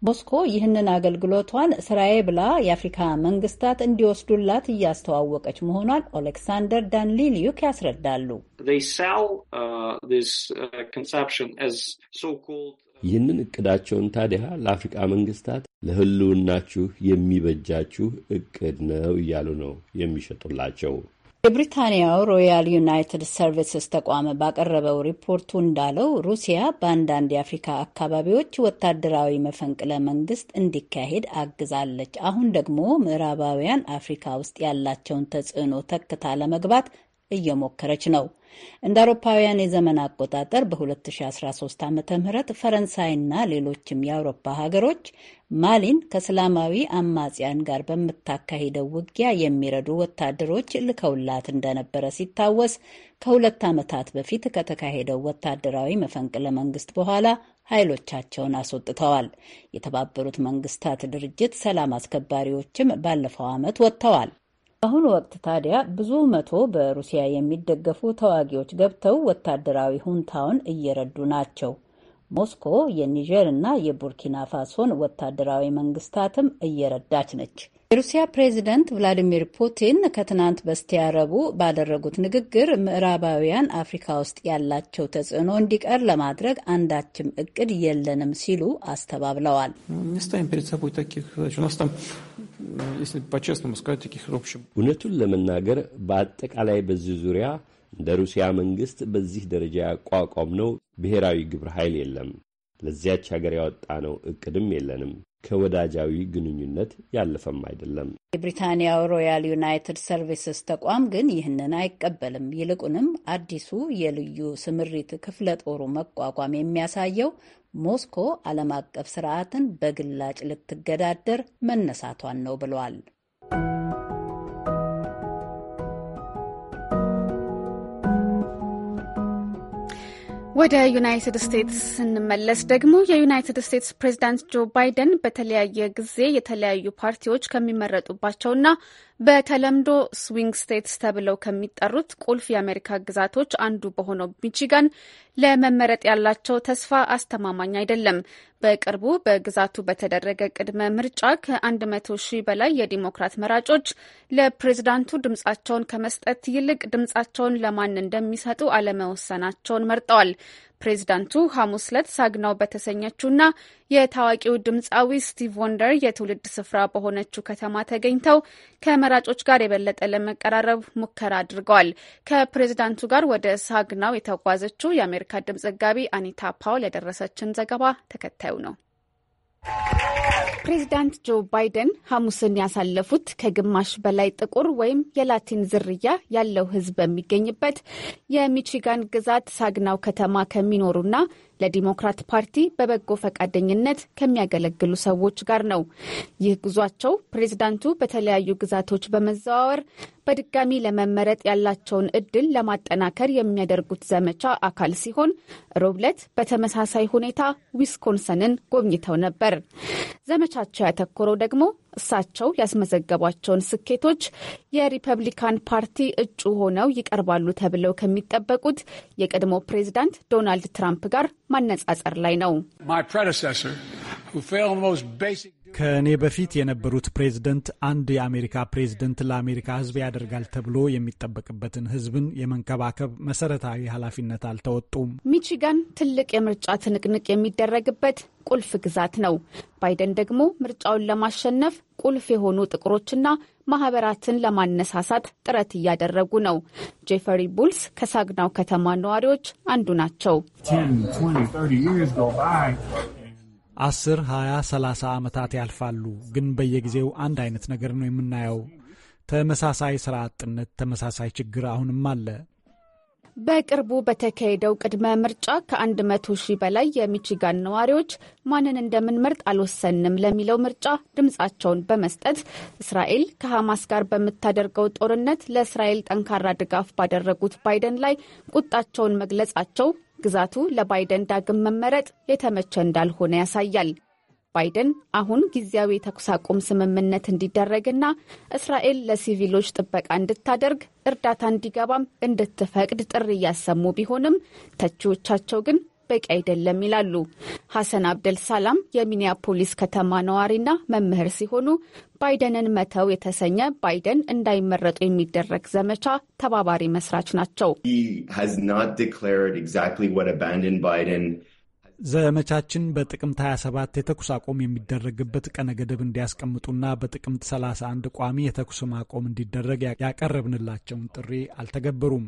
ሞስኮ ይህንን አገልግሎቷን ስራዬ ብላ የአፍሪካ መንግስታት እንዲወስዱላት እያስተዋወቀች መሆኗን ኦሌክሳንደር ዳንሊልዩክ ያስረዳሉ። ይህንን እቅዳቸውን ታዲያ ለአፍሪቃ መንግስታት ለህልውናችሁ የሚበጃችሁ እቅድ ነው እያሉ ነው የሚሸጡላቸው። የብሪታንያው ሮያል ዩናይትድ ሰርቪስስ ተቋም ባቀረበው ሪፖርቱ እንዳለው ሩሲያ በአንዳንድ የአፍሪካ አካባቢዎች ወታደራዊ መፈንቅለ መንግስት እንዲካሄድ አግዛለች። አሁን ደግሞ ምዕራባውያን አፍሪካ ውስጥ ያላቸውን ተጽዕኖ ተክታ ለመግባት እየሞከረች ነው። እንደ አውሮፓውያን የዘመን አቆጣጠር በ2013 ዓ ም ፈረንሳይና ሌሎችም የአውሮፓ ሀገሮች ማሊን ከእስላማዊ አማጽያን ጋር በምታካሂደው ውጊያ የሚረዱ ወታደሮች ልከውላት እንደነበረ ሲታወስ ከሁለት ዓመታት በፊት ከተካሄደው ወታደራዊ መፈንቅለ መንግስት በኋላ ኃይሎቻቸውን አስወጥተዋል። የተባበሩት መንግስታት ድርጅት ሰላም አስከባሪዎችም ባለፈው ዓመት ወጥተዋል። በአሁኑ ወቅት ታዲያ ብዙ መቶ በሩሲያ የሚደገፉ ተዋጊዎች ገብተው ወታደራዊ ሁንታውን እየረዱ ናቸው። ሞስኮ የኒጀር እና የቡርኪና ፋሶን ወታደራዊ መንግስታትም እየረዳች ነች። የሩሲያ ፕሬዚደንት ቭላዲሚር ፑቲን ከትናንት በስቲያ ረቡዕ ባደረጉት ንግግር ምዕራባውያን አፍሪካ ውስጥ ያላቸው ተጽዕኖ እንዲቀር ለማድረግ አንዳችም እቅድ የለንም ሲሉ አስተባብለዋል። እውነቱን ለመናገር በአጠቃላይ በዚህ ዙሪያ እንደ ሩሲያ መንግስት በዚህ ደረጃ ያቋቋም ነው ብሔራዊ ግብረ ኃይል የለም። ለዚያች ሀገር ያወጣ ነው እቅድም የለንም። ከወዳጃዊ ግንኙነት ያለፈም አይደለም። የብሪታንያው ሮያል ዩናይትድ ሰርቪስስ ተቋም ግን ይህንን አይቀበልም። ይልቁንም አዲሱ የልዩ ስምሪት ክፍለ ጦሩ መቋቋም የሚያሳየው ሞስኮ ዓለም አቀፍ ስርዓትን በግላጭ ልትገዳደር መነሳቷን ነው ብሏል። ወደ ዩናይትድ ስቴትስ ስንመለስ ደግሞ የዩናይትድ ስቴትስ ፕሬዚዳንት ጆ ባይደን በተለያየ ጊዜ የተለያዩ ፓርቲዎች ከሚመረጡባቸውና በተለምዶ ስዊንግ ስቴትስ ተብለው ከሚጠሩት ቁልፍ የአሜሪካ ግዛቶች አንዱ በሆነው ሚቺጋን ለመመረጥ ያላቸው ተስፋ አስተማማኝ አይደለም። በቅርቡ በግዛቱ በተደረገ ቅድመ ምርጫ ከ መቶ ሺህ በላይ የዲሞክራት መራጮች ለፕሬዝዳንቱ ድምጻቸውን ከመስጠት ይልቅ ድምጻቸውን ለማን እንደሚሰጡ አለመወሰናቸውን መርጠዋል። ፕሬዚዳንቱ ሐሙስ ዕለት ሳግናው በተሰኘችውና የታዋቂው ድምፃዊ ስቲቭ ወንደር የትውልድ ስፍራ በሆነችው ከተማ ተገኝተው ከመራጮች ጋር የበለጠ ለመቀራረብ ሙከራ አድርገዋል። ከፕሬዚዳንቱ ጋር ወደ ሳግናው የተጓዘችው የአሜሪካ ድምፅ ዘጋቢ አኒታ ፓውል ያደረሰችን ዘገባ ተከታዩ ነው። ፕሬዚዳንት ጆ ባይደን ሐሙስን ያሳለፉት ከግማሽ በላይ ጥቁር ወይም የላቲን ዝርያ ያለው ሕዝብ በሚገኝበት የሚቺጋን ግዛት ሳግናው ከተማ ከሚኖሩና ለዲሞክራት ፓርቲ በበጎ ፈቃደኝነት ከሚያገለግሉ ሰዎች ጋር ነው። ይህ ጉዟቸው ፕሬዝዳንቱ በተለያዩ ግዛቶች በመዘዋወር በድጋሚ ለመመረጥ ያላቸውን እድል ለማጠናከር የሚያደርጉት ዘመቻ አካል ሲሆን ሮብለት በተመሳሳይ ሁኔታ ዊስኮንሰንን ጎብኝተው ነበር። ዘመቻቸው ያተኮረው ደግሞ እሳቸው ያስመዘገቧቸውን ስኬቶች የሪፐብሊካን ፓርቲ እጩ ሆነው ይቀርባሉ ተብለው ከሚጠበቁት የቀድሞ ፕሬዝዳንት ዶናልድ ትራምፕ ጋር ማነጻጸር ላይ ነው። ከእኔ በፊት የነበሩት ፕሬዝደንት አንድ የአሜሪካ ፕሬዝደንት ለአሜሪካ ሕዝብ ያደርጋል ተብሎ የሚጠበቅበትን ሕዝብን የመንከባከብ መሰረታዊ ኃላፊነት አልተወጡም። ሚቺጋን ትልቅ የምርጫ ትንቅንቅ የሚደረግበት ቁልፍ ግዛት ነው። ባይደን ደግሞ ምርጫውን ለማሸነፍ ቁልፍ የሆኑ ጥቁሮችና ማህበራትን ለማነሳሳት ጥረት እያደረጉ ነው። ጄፈሪ ቡልስ ከሳግናው ከተማ ነዋሪዎች አንዱ ናቸው። አስር ሀያ ሰላሳ ዓመታት ያልፋሉ። ግን በየጊዜው አንድ አይነት ነገር ነው የምናየው። ተመሳሳይ ሥራ አጥነት፣ ተመሳሳይ ችግር አሁንም አለ። በቅርቡ በተካሄደው ቅድመ ምርጫ ከአንድ መቶ ሺህ በላይ የሚቺጋን ነዋሪዎች ማንን እንደምንመርጥ አልወሰንም ለሚለው ምርጫ ድምፃቸውን በመስጠት እስራኤል ከሐማስ ጋር በምታደርገው ጦርነት ለእስራኤል ጠንካራ ድጋፍ ባደረጉት ባይደን ላይ ቁጣቸውን መግለጻቸው ግዛቱ ለባይደን ዳግም መመረጥ የተመቸ እንዳልሆነ ያሳያል። ባይደን አሁን ጊዜያዊ የተኩስ አቁም ስምምነት እንዲደረግና እስራኤል ለሲቪሎች ጥበቃ እንድታደርግ እርዳታ እንዲገባም እንድትፈቅድ ጥሪ እያሰሙ ቢሆንም ተቺዎቻቸው ግን በቂ አይደለም ይላሉ። ሐሰን አብደል ሳላም የሚኒያፖሊስ ከተማ ነዋሪና መምህር ሲሆኑ ባይደንን መተው የተሰኘ ባይደን እንዳይመረጡ የሚደረግ ዘመቻ ተባባሪ መስራች ናቸው። ዘመቻችን በጥቅምት 27 የተኩስ አቆም የሚደረግበት ቀነ ገደብ እንዲያስቀምጡና በጥቅምት 31 ቋሚ የተኩስ ማቆም እንዲደረግ ያቀረብንላቸውን ጥሪ አልተገበሩም።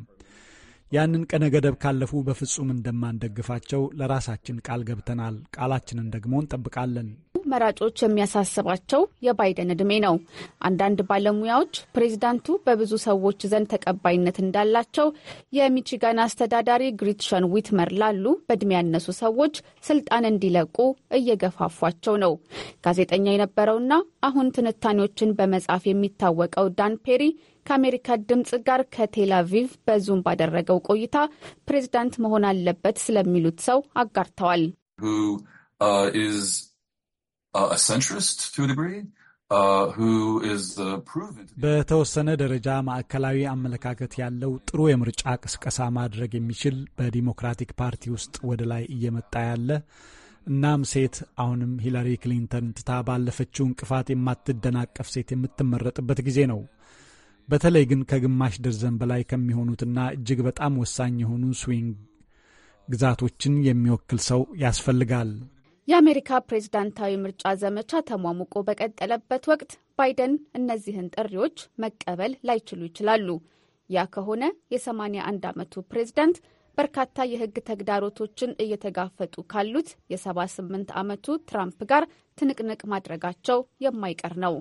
ያንን ቀነ ገደብ ካለፉ በፍጹም እንደማንደግፋቸው ለራሳችን ቃል ገብተናል። ቃላችንን ደግሞ እንጠብቃለን። መራጮች የሚያሳስባቸው የባይደን ዕድሜ ነው። አንዳንድ ባለሙያዎች ፕሬዚዳንቱ በብዙ ሰዎች ዘንድ ተቀባይነት እንዳላቸው የሚቺጋን አስተዳዳሪ ግሪትሸን ዊትመር ላሉ በእድሜ ያነሱ ሰዎች ስልጣን እንዲለቁ እየገፋፏቸው ነው። ጋዜጠኛ የነበረውና አሁን ትንታኔዎችን በመጻፍ የሚታወቀው ዳን ፔሪ ከአሜሪካ ድምፅ ጋር ከቴል አቪቭ በዙም ባደረገው ቆይታ ፕሬዚዳንት መሆን አለበት ስለሚሉት ሰው አጋርተዋል። uh, uh, uh, በተወሰነ ደረጃ ማዕከላዊ አመለካከት ያለው ጥሩ የምርጫ ቅስቀሳ ማድረግ የሚችል በዲሞክራቲክ ፓርቲ ውስጥ ወደ ላይ እየመጣ ያለ እናም ሴት አሁንም ሂላሪ ክሊንተን ትታ ባለፈችው እንቅፋት የማትደናቀፍ ሴት የምትመረጥበት ጊዜ ነው። በተለይ ግን ከግማሽ ደርዘን በላይ ከሚሆኑትና እጅግ በጣም ወሳኝ የሆኑ ስዊንግ ግዛቶችን የሚወክል ሰው ያስፈልጋል። የአሜሪካ ፕሬዝዳንታዊ ምርጫ ዘመቻ ተሟሙቆ በቀጠለበት ወቅት ባይደን እነዚህን ጥሪዎች መቀበል ላይችሉ ይችላሉ። ያ ከሆነ የ81 ዓመቱ ፕሬዝዳንት በርካታ የህግ ተግዳሮቶችን እየተጋፈጡ ካሉት የ78 ዓመቱ ትራምፕ ጋር ትንቅንቅ ማድረጋቸው የማይቀር ነው።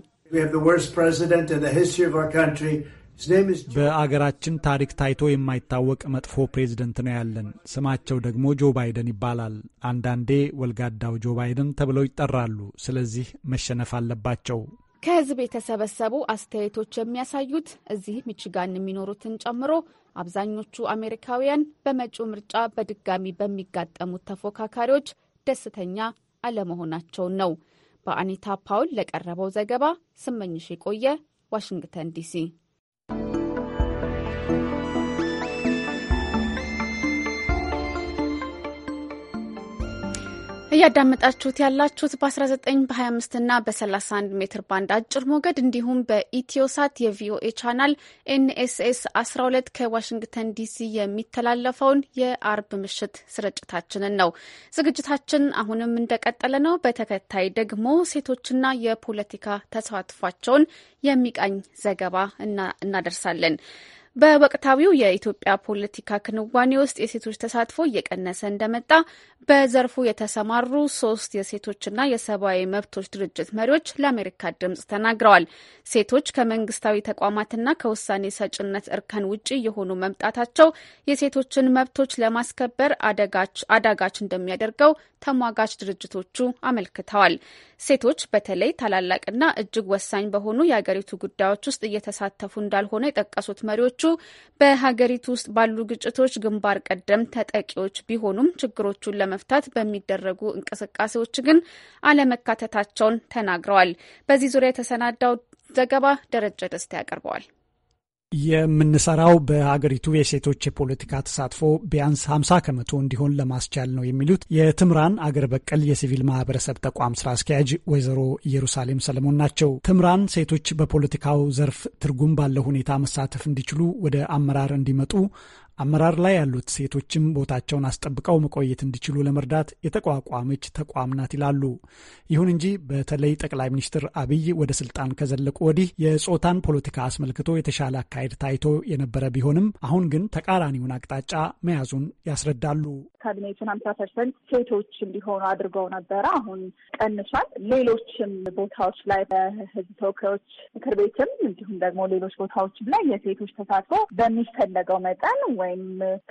በአገራችን ታሪክ ታይቶ የማይታወቅ መጥፎ ፕሬዝደንት ነው ያለን። ስማቸው ደግሞ ጆ ባይደን ይባላል። አንዳንዴ ወልጋዳው ጆ ባይደን ተብለው ይጠራሉ። ስለዚህ መሸነፍ አለባቸው። ከህዝብ የተሰበሰቡ አስተያየቶች የሚያሳዩት እዚህ ሚችጋን የሚኖሩትን ጨምሮ አብዛኞቹ አሜሪካውያን በመጪው ምርጫ በድጋሚ በሚጋጠሙት ተፎካካሪዎች ደስተኛ አለመሆናቸውን ነው። በአኒታ ፓውል ለቀረበው ዘገባ ስመኝሽ የቆየ ዋሽንግተን ዲሲ እያዳመጣችሁት ያላችሁት በ19 በ25 እና በ31 ሜትር ባንድ አጭር ሞገድ እንዲሁም በኢትዮሳት የቪኦኤ ቻናል ኤንኤስኤስ 12 ከዋሽንግተን ዲሲ የሚተላለፈውን የአርብ ምሽት ስርጭታችንን ነው። ዝግጅታችን አሁንም እንደቀጠለ ነው። በተከታይ ደግሞ ሴቶችና የፖለቲካ ተሳትፏቸውን የሚቃኝ ዘገባ እናደርሳለን። በወቅታዊው የኢትዮጵያ ፖለቲካ ክንዋኔ ውስጥ የሴቶች ተሳትፎ እየቀነሰ እንደመጣ በዘርፉ የተሰማሩ ሶስት የሴቶችና የሰብአዊ መብቶች ድርጅት መሪዎች ለአሜሪካ ድምጽ ተናግረዋል። ሴቶች ከመንግስታዊ ተቋማትና ከውሳኔ ሰጭነት እርከን ውጪ የሆኑ መምጣታቸው የሴቶችን መብቶች ለማስከበር አዳጋች እንደሚያደርገው ተሟጋች ድርጅቶቹ አመልክተዋል። ሴቶች በተለይ ታላላቅና እጅግ ወሳኝ በሆኑ የሀገሪቱ ጉዳዮች ውስጥ እየተሳተፉ እንዳልሆነ የጠቀሱት መሪዎቹ በሀገሪቱ ውስጥ ባሉ ግጭቶች ግንባር ቀደም ተጠቂዎች ቢሆኑም ችግሮቹን ለመፍታት በሚደረጉ እንቅስቃሴዎች ግን አለመካተታቸውን ተናግረዋል። በዚህ ዙሪያ የተሰናዳው ዘገባ ደረጀ ደስታ ያቀርበዋል። የምንሰራው በሀገሪቱ የሴቶች የፖለቲካ ተሳትፎ ቢያንስ 50 ከመቶ እንዲሆን ለማስቻል ነው የሚሉት የትምራን አገር በቀል የሲቪል ማህበረሰብ ተቋም ስራ አስኪያጅ ወይዘሮ ኢየሩሳሌም ሰለሞን ናቸው። ትምራን ሴቶች በፖለቲካው ዘርፍ ትርጉም ባለው ሁኔታ መሳተፍ እንዲችሉ ወደ አመራር እንዲመጡ አመራር ላይ ያሉት ሴቶችም ቦታቸውን አስጠብቀው መቆየት እንዲችሉ ለመርዳት የተቋቋመች ተቋም ናት ይላሉ። ይሁን እንጂ በተለይ ጠቅላይ ሚኒስትር አብይ ወደ ስልጣን ከዘለቁ ወዲህ የጾታን ፖለቲካ አስመልክቶ የተሻለ አካሄድ ታይቶ የነበረ ቢሆንም አሁን ግን ተቃራኒውን አቅጣጫ መያዙን ያስረዳሉ። ካቢኔቱን ሀምሳ ፐርሰንት ሴቶች እንዲሆኑ አድርገው ነበረ። አሁን ቀንሷል። ሌሎችም ቦታዎች ላይ በህዝብ ተወካዮች ምክር ቤትም እንዲሁም ደግሞ ሌሎች ቦታዎችም ላይ የሴቶች ተሳትፎ በሚፈለገው መጠን ወይም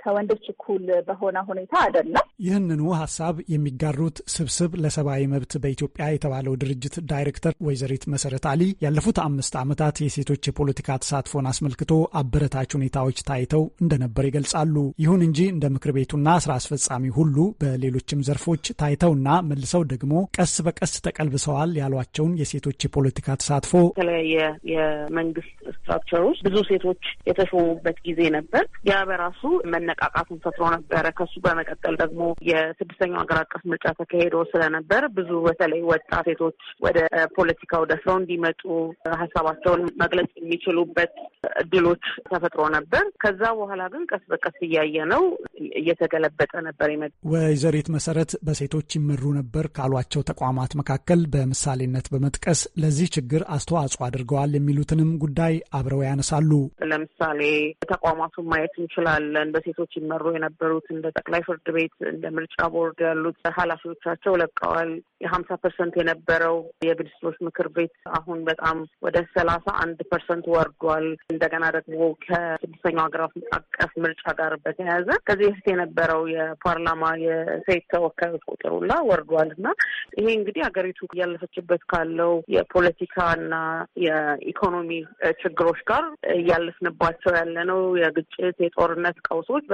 ከወንዶች እኩል በሆነ ሁኔታ አይደለም። ይህንኑ ሀሳብ የሚጋሩት ስብስብ ለሰብአዊ መብት በኢትዮጵያ የተባለው ድርጅት ዳይሬክተር ወይዘሪት መሰረት አሊ ያለፉት አምስት ዓመታት የሴቶች የፖለቲካ ተሳትፎን አስመልክቶ አበረታች ሁኔታዎች ታይተው እንደነበር ይገልጻሉ። ይሁን እንጂ እንደ ምክር ቤቱና ስራ አስፈጻሚ ተፈጻሚ ሁሉ በሌሎችም ዘርፎች ታይተውና መልሰው ደግሞ ቀስ በቀስ ተቀልብሰዋል ያሏቸውን የሴቶች የፖለቲካ ተሳትፎ የተለያየ የመንግስት ስትራክቸር ውስጥ ብዙ ሴቶች የተሾሙበት ጊዜ ነበር። ያ በራሱ መነቃቃቱን ፈጥሮ ነበረ። ከሱ በመቀጠል ደግሞ የስድስተኛው ሀገር አቀፍ ምርጫ ተካሄዶ ስለነበር ብዙ በተለይ ወጣት ሴቶች ወደ ፖለቲካው ደፍረው እንዲመጡ ሀሳባቸውን መግለጽ የሚችሉበት እድሎች ተፈጥሮ ነበር። ከዛ በኋላ ግን ቀስ በቀስ እያየ ነው እየተገለበጠ ነበር። ነበር ይመጡ። ወይዘሪት መሰረት በሴቶች ይመሩ ነበር ካሏቸው ተቋማት መካከል በምሳሌነት በመጥቀስ ለዚህ ችግር አስተዋጽኦ አድርገዋል የሚሉትንም ጉዳይ አብረው ያነሳሉ። ለምሳሌ ተቋማቱን ማየት እንችላለን። በሴቶች ይመሩ የነበሩት እንደ ጠቅላይ ፍርድ ቤት፣ እንደ ምርጫ ቦርድ ያሉት ኃላፊዎቻቸው ለቀዋል። የሀምሳ ፐርሰንት የነበረው የሚኒስትሮች ምክር ቤት አሁን በጣም ወደ ሰላሳ አንድ ፐርሰንት ወርዷል። እንደገና ደግሞ ከስድስተኛው ሀገራት አቀፍ ምርጫ ጋር በተያያዘ ከዚህ በፊት የነበረው የ የፓርላማ የሴት ተወካዮች ቁጥር ሁላ ወርዷል እና ይሄ እንግዲህ ሀገሪቱ እያለፈችበት ካለው የፖለቲካና የኢኮኖሚ ችግሮች ጋር እያለፍንባቸው ያለነው የግጭት የጦርነት ቀውሶች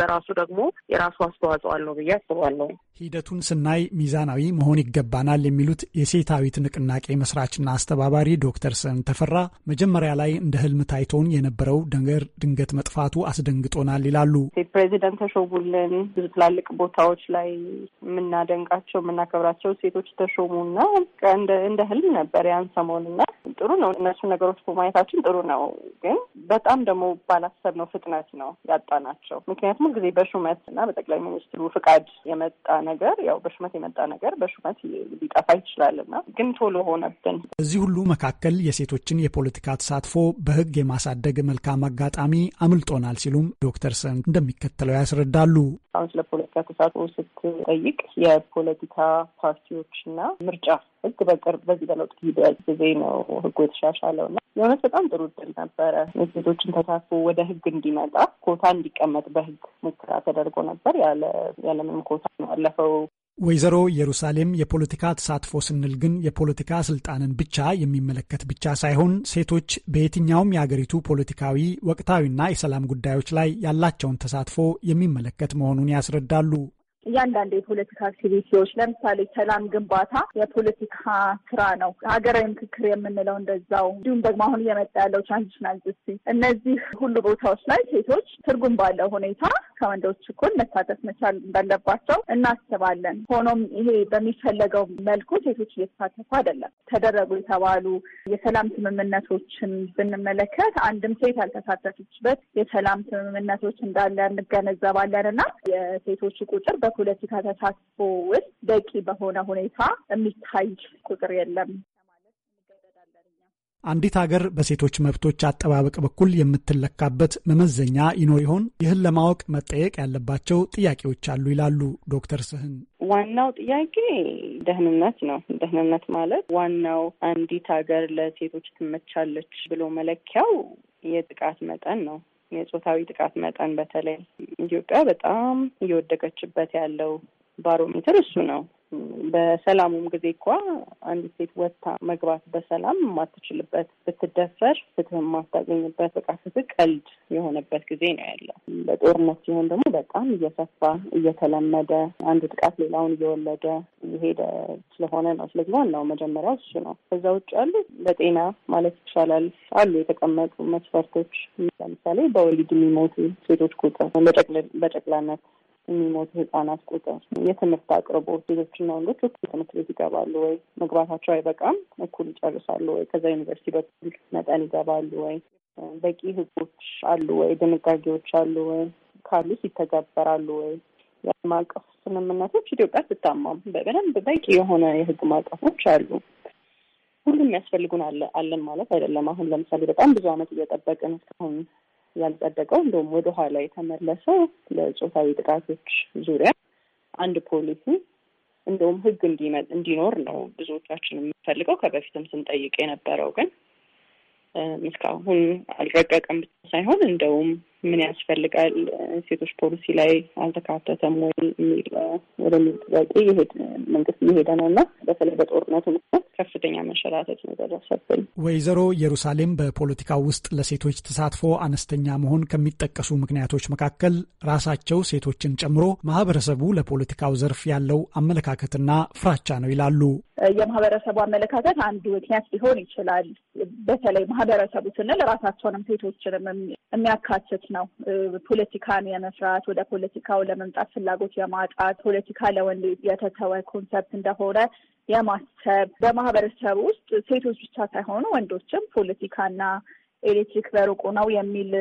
በራሱ ደግሞ የራሱ አስተዋጽኦ አለው ብዬ አስባለሁ። ሂደቱን ስናይ ሚዛናዊ መሆን ይገባናል የሚሉት የሴታዊት ንቅናቄ መስራችና አስተባባሪ ዶክተር ስን ተፈራ መጀመሪያ ላይ እንደ ህልም ታይቶን የነበረው ነገር ድንገት መጥፋቱ አስደንግጦናል ይላሉ። ሴት ፕሬዚደንት ተሾሙልን። ብዙ ትላልቅ ቦታዎች ላይ የምናደንቃቸው የምናከብራቸው ሴቶች ተሾሙና እንደ ህልም ነበር ያን ሰሞንና ጥሩ ነው። እነሱ ነገሮች ማየታችን ጥሩ ነው። ግን በጣም ደግሞ ባላሰብነው ፍጥነት ነው ያጣናቸው። ምክንያቱም ጊዜ በሹመት እና በጠቅላይ ሚኒስትሩ ፍቃድ የመጣ ነገር ያው በሹመት የመጣ ነገር በሹመት ሊጠፋ ይችላልና ግን ቶሎ ሆነብን። እዚህ ሁሉ መካከል የሴቶችን የፖለቲካ ተሳትፎ በህግ የማሳደግ መልካም አጋጣሚ አምልጦናል ሲሉም ዶክተር ሰን እንደሚከተለው ያስረዳሉ። አሁን ስለ ፖለቲካ ተሳትፎ ስትጠይቅ የፖለቲካ ፓርቲዎች ምርጫ ህግ በቅርብ በዚህ በለውጥ ጊዜ ጊዜ ነው ህጉ የተሻሻለው እና የእውነት በጣም ጥሩ ድል ነበረ። የሴቶችን ተሳትፎ ወደ ህግ እንዲመጣ ኮታ እንዲቀመጥ በህግ ሙከራ ተደርጎ ነበር። ያለምንም ኮታ ነው አለፈው ወይዘሮ ኢየሩሳሌም የፖለቲካ ተሳትፎ ስንል ግን የፖለቲካ ስልጣንን ብቻ የሚመለከት ብቻ ሳይሆን ሴቶች በየትኛውም የአገሪቱ ፖለቲካዊ፣ ወቅታዊና የሰላም ጉዳዮች ላይ ያላቸውን ተሳትፎ የሚመለከት መሆኑን ያስረዳሉ። እያንዳንዱ የፖለቲካ አክቲቪቲዎች ለምሳሌ ሰላም ግንባታ የፖለቲካ ስራ ነው። ሀገራዊ ምክክር የምንለው እንደዛው። እንዲሁም ደግሞ አሁን እየመጣ ያለው ትራንዚሽናል ጀስቲስ፣ እነዚህ ሁሉ ቦታዎች ላይ ሴቶች ትርጉም ባለው ሁኔታ ከወንዶች እኩል መሳተፍ መቻል እንዳለባቸው እናስባለን። ሆኖም ይሄ በሚፈለገው መልኩ ሴቶች እየተሳተፉ አይደለም። ተደረጉ የተባሉ የሰላም ስምምነቶችን ብንመለከት አንድም ሴት ያልተሳተፈችበት የሰላም ስምምነቶች እንዳለ እንገነዘባለን እና የሴቶቹ ቁጥር በ በፖለቲካ ተሳትፎ ውስጥ በቂ በሆነ ሁኔታ የሚታይ ቁጥር የለም። አንዲት ሀገር በሴቶች መብቶች አጠባበቅ በኩል የምትለካበት መመዘኛ ይኖር ይሆን? ይህን ለማወቅ መጠየቅ ያለባቸው ጥያቄዎች አሉ ይላሉ ዶክተር ስህን። ዋናው ጥያቄ ደህንነት ነው። ደህንነት ማለት ዋናው አንዲት ሀገር ለሴቶች ትመቻለች ብሎ መለኪያው የጥቃት መጠን ነው። የጾታዊ ጥቃት መጠን በተለይ ኢትዮጵያ በጣም እየወደቀችበት ያለው ባሮሜትር እሱ ነው። በሰላሙም ጊዜ እኳ አንዲት ሴት ወጥታ መግባት በሰላም የማትችልበት ብትደፈር ፍትህ የማታገኝበት በቃ ፍትህ ቀልድ የሆነበት ጊዜ ነው ያለው። በጦርነት ሲሆን ደግሞ በጣም እየሰፋ እየተለመደ አንድ ጥቃት ሌላውን እየወለደ እየሄደ ስለሆነ ነው። ስለዚህ ዋናው መጀመሪያ እሱ ነው። ከዛ ውጭ ያሉ በጤና ማለት ይቻላል አሉ የተቀመጡ መስፈርቶች። ለምሳሌ በወሊድ የሚሞቱ ሴቶች ቁጥር በጨቅላነት የሚሞቱ ህጻናት ቁጥር፣ የትምህርት አቅርቦት፣ ሴቶችና ወንዶች እኩል ትምህርት ቤት ይገባሉ ወይ? መግባታቸው አይበቃም? እኩል ይጨርሳሉ ወይ? ከዛ ዩኒቨርሲቲ በኩል መጠን ይገባሉ ወይ? በቂ ህጎች አሉ ወይ? ድንጋጌዎች አሉ ወይ? ካሉስ ይተገበራሉ ወይ? የዓለም አቀፍ ስምምነቶች ኢትዮጵያ ትታማም በደንብ በቂ የሆነ የህግ ማዕቀፎች አሉ። ሁሉም ያስፈልጉን አለን ማለት አይደለም። አሁን ለምሳሌ በጣም ብዙ ዓመት እየጠበቅን እስካሁን ያልጸደቀው እንደውም ኋላ የተመለሰው ለጾታዊ ጥቃቶች ዙሪያ አንድ ፖሊሲ እንደውም ህግ እንዲኖር ነው ብዙዎቻችን የምንፈልገው ከበፊትም ስንጠይቅ የነበረው ግን እስካሁን አልረቀቀም ብቻ ሳይሆን እንደውም ምን ያስፈልጋል፣ ሴቶች ፖሊሲ ላይ አልተካተተም ወይ የሚል ወደሚል ጥያቄ መንግስት እየሄደ ነው እና በተለይ በጦርነቱ ምክንያት ከፍተኛ መሸራተት ነው የደረሰብን። ወይዘሮ ኢየሩሳሌም በፖለቲካው ውስጥ ለሴቶች ተሳትፎ አነስተኛ መሆን ከሚጠቀሱ ምክንያቶች መካከል ራሳቸው ሴቶችን ጨምሮ ማህበረሰቡ ለፖለቲካው ዘርፍ ያለው አመለካከትና ፍራቻ ነው ይላሉ። የማህበረሰቡ አመለካከት አንዱ ምክንያት ሊሆን ይችላል። በተለይ ማህበረሰቡ ስንል ራሳቸውንም ሴቶችንም የሚያካትት ነው። ፖለቲካን የመስራት ወደ ፖለቲካው ለመምጣት ፍላጎት የማጣት ፖለቲካ ለወንድ የተተወ ኮንሰፕት እንደሆነ የማሰብ በማህበረሰብ ውስጥ ሴቶች ብቻ ሳይሆኑ ወንዶችም ፖለቲካና ኤሌክትሪክ በሩቁ ነው የሚል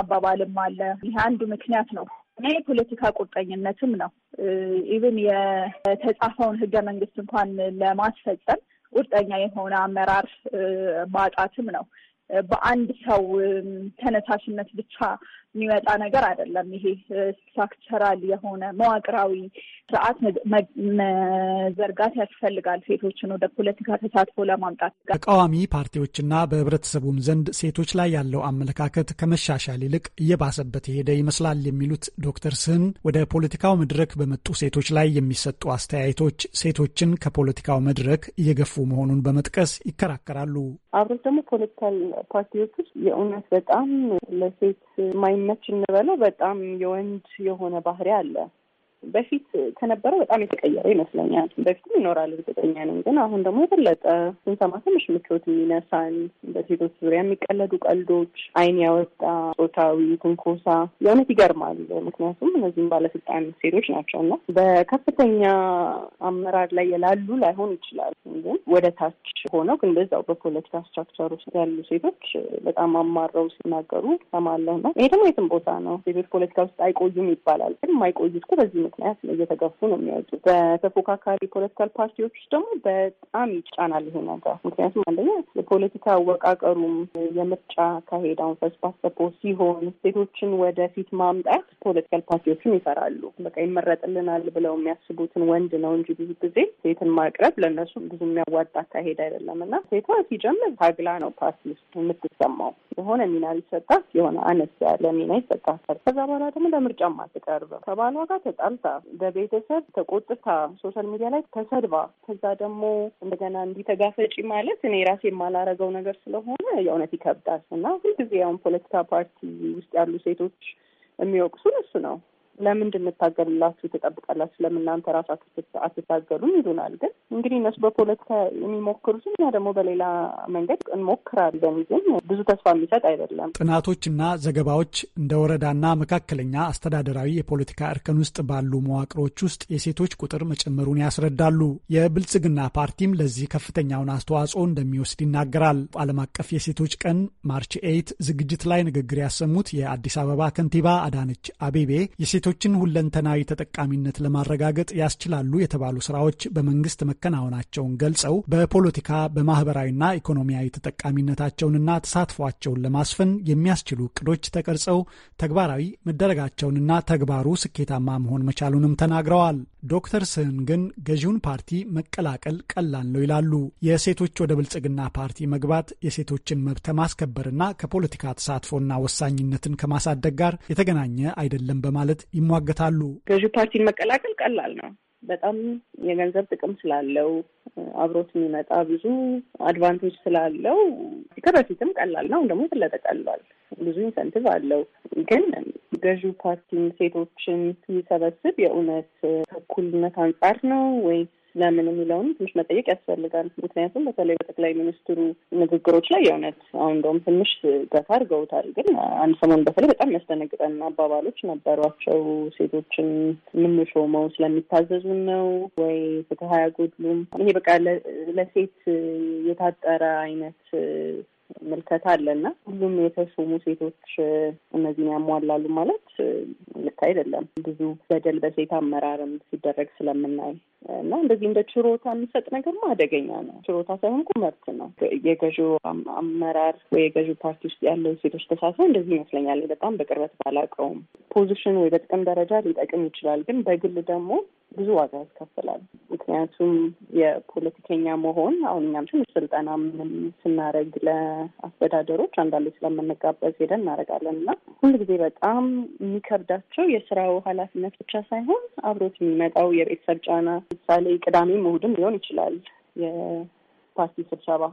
አባባልም አለ። ይህ አንዱ ምክንያት ነው። እና የፖለቲካ ቁርጠኝነትም ነው። ኢቭን የተጻፈውን ህገ መንግስት እንኳን ለማስፈጸም ቁርጠኛ የሆነ አመራር ማጣትም ነው። በአንድ ሰው ተነሳሽነት ብቻ የሚመጣ ነገር አይደለም። ይሄ ስትራክቸራል የሆነ መዋቅራዊ ስርዓት መዘርጋት ያስፈልጋል። ሴቶችን ወደ ፖለቲካ ተሳትፎ ለማምጣት ተቃዋሚ ፓርቲዎችና በህብረተሰቡም ዘንድ ሴቶች ላይ ያለው አመለካከት ከመሻሻል ይልቅ እየባሰበት የሄደ ይመስላል የሚሉት ዶክተር ስህን ወደ ፖለቲካው መድረክ በመጡ ሴቶች ላይ የሚሰጡ አስተያየቶች ሴቶችን ከፖለቲካው መድረክ እየገፉ መሆኑን በመጥቀስ ይከራከራሉ። አብረት ደግሞ ፖለቲካል ፓርቲዎች ውስጥ የእውነት በጣም ለሴት ማይ ይመች እንበለው በጣም የወንድ የሆነ ባህሪ አለ በፊት ከነበረው በጣም የተቀየረ ይመስለኛል። በፊትም ይኖራል እርግጠኛ ነኝ፣ ግን አሁን ደግሞ የበለጠ ስንሰማ ትንሽ ምቾት የሚነሳን በሴቶች ዙሪያ የሚቀለዱ ቀልዶች፣ አይን ያወጣ ጾታዊ ትንኮሳ የእውነት ይገርማል። ምክንያቱም እነዚህም ባለስልጣን ሴቶች ናቸው እና በከፍተኛ አመራር ላይ የላሉ ላይሆን ይችላል፣ ግን ወደ ታች ሆነው ግን በዛው በፖለቲካ ስትራክቸር ውስጥ ያሉ ሴቶች በጣም አማረው ሲናገሩ ሰማለሁ ነው ይሄ ደግሞ የትም ቦታ ነው። ሴቶች ፖለቲካ ውስጥ አይቆዩም ይባላል፣ ግን የማይቆዩት በዚህ ምክንያት እየተገፉ ነው የሚወጡት። በተፎካካሪ ፖለቲካል ፓርቲዎች ውስጥ ደግሞ በጣም ይጫናል ይሄ ነገር። ምክንያቱም አንደኛ የፖለቲካ አወቃቀሩም የምርጫ ካሄድ አሁን ፈርስት ፓስት ዘ ፖስት ሲሆን ሴቶችን ወደፊት ማምጣት ፖለቲካል ፓርቲዎችም ይፈራሉ። በቃ ይመረጥልናል ብለው የሚያስቡትን ወንድ ነው እንጂ ብዙ ጊዜ ሴትን ማቅረብ ለእነሱ ብዙ የሚያዋጣ አካሄድ አይደለም እና ሴቷ ሲጀምር ታግላ ነው ፓርቲ ውስጥ የምትሰማው። የሆነ ሚና ቢሰጣት የሆነ አነስ ያለ ሚና ይሰጣታል። ከዛ በኋላ ደግሞ ለምርጫም አትቀርብም። ከባሏ ጋር ተጣል ተቆልታ በቤተሰብ ተቆጥታ ሶሻል ሚዲያ ላይ ተሰድባ ከዛ ደግሞ እንደገና እንዲተጋፈጪ ማለት እኔ ራሴ የማላረገው ነገር ስለሆነ የእውነት ይከብዳል እና ሁልጊዜ ያሁን ፖለቲካ ፓርቲ ውስጥ ያሉ ሴቶች የሚወቅሱን እሱ ነው። ለምን እንድንታገልላችሁ ትጠብቃላችሁ? ለምን እናንተ ራሳችሁ አትታገሉም? ይሉናል። ግን እንግዲህ እነሱ በፖለቲካ የሚሞክሩት እኛ ደግሞ በሌላ መንገድ እንሞክራለን። ግን ብዙ ተስፋ የሚሰጥ አይደለም። ጥናቶችና ዘገባዎች እንደ ወረዳና መካከለኛ አስተዳደራዊ የፖለቲካ እርከን ውስጥ ባሉ መዋቅሮች ውስጥ የሴቶች ቁጥር መጨመሩን ያስረዳሉ። የብልጽግና ፓርቲም ለዚህ ከፍተኛውን አስተዋጽኦ እንደሚወስድ ይናገራል። ዓለም አቀፍ የሴቶች ቀን ማርች ኤይት ዝግጅት ላይ ንግግር ያሰሙት የአዲስ አበባ ከንቲባ አዳነች አቤቤ የሴ የሴቶችን ሁለንተናዊ ተጠቃሚነት ለማረጋገጥ ያስችላሉ የተባሉ ስራዎች በመንግስት መከናወናቸውን ገልጸው በፖለቲካ በማህበራዊና ኢኮኖሚያዊ ተጠቃሚነታቸውንና ተሳትፏቸውን ለማስፈን የሚያስችሉ እቅዶች ተቀርጸው ተግባራዊ መደረጋቸውንና ተግባሩ ስኬታማ መሆን መቻሉንም ተናግረዋል። ዶክተር ስህን ግን ገዢውን ፓርቲ መቀላቀል ቀላል ነው ይላሉ። የሴቶች ወደ ብልጽግና ፓርቲ መግባት የሴቶችን መብት ከማስከበርና ከፖለቲካ ተሳትፎና ወሳኝነትን ከማሳደግ ጋር የተገናኘ አይደለም በማለት ይሟገታሉ። ገዢው ፓርቲን መቀላቀል ቀላል ነው። በጣም የገንዘብ ጥቅም ስላለው አብሮት የሚመጣ ብዙ አድቫንቴጅ ስላለው ከበፊትም ቀላል ነው። ደግሞ የበለጠ ቀሏል። ብዙ ኢንሰንቲቭ አለው። ግን ገዢው ፓርቲን ሴቶችን ሲሰበስብ የእውነት እኩልነት አንጻር ነው ወይስ ለምን የሚለውን ትንሽ መጠየቅ ያስፈልጋል። ምክንያቱም በተለይ በጠቅላይ ሚኒስትሩ ንግግሮች ላይ የእውነት አሁን እንደውም ትንሽ ገታ አድርገውታል። ግን አንድ ሰሞን በተለይ በጣም ያስደነግጠን አባባሎች ነበሯቸው። ሴቶችን የምንሾመው ስለሚታዘዙ ነው ወይ ፍትህ አያጎድሉም? ይሄ በቃ ለሴት የታጠረ አይነት ምልከታ አለና ሁሉም የተሾሙ ሴቶች እነዚህን ያሟላሉ ማለት ልክ አይደለም። ብዙ በደል በሴት አመራርም ሲደረግ ስለምናይ እና እንደዚህ እንደ ችሮታ የሚሰጥ ነገር አደገኛ ነው። ችሮታ ሳይሆን እኮ መብት ነው። የገዢ አመራር ወይ የገዢ ፓርቲ ውስጥ ያለው ሴቶች ተሳትፎ እንደዚህ ይመስለኛል። በጣም በቅርበት ባላውቀውም ፖዚሽን ወይ በጥቅም ደረጃ ሊጠቅም ይችላል። ግን በግል ደግሞ ብዙ ዋጋ ያስከፍላል። ምክንያቱም የፖለቲከኛ መሆን አሁን እኛም ትንሽ ስልጠና ምንም ስናደርግ ለአስተዳደሮች አንዳንዴ ስለምንጋበዝ ሄደን እናደርጋለን እና ጊዜ በጣም የሚከብዳቸው የስራው ኃላፊነት ብቻ ሳይሆን አብሮት የሚመጣው የቤተሰብ ጫና፣ ምሳሌ ቅዳሜ እሑድም ሊሆን ይችላል የፓርቲ ስብሰባ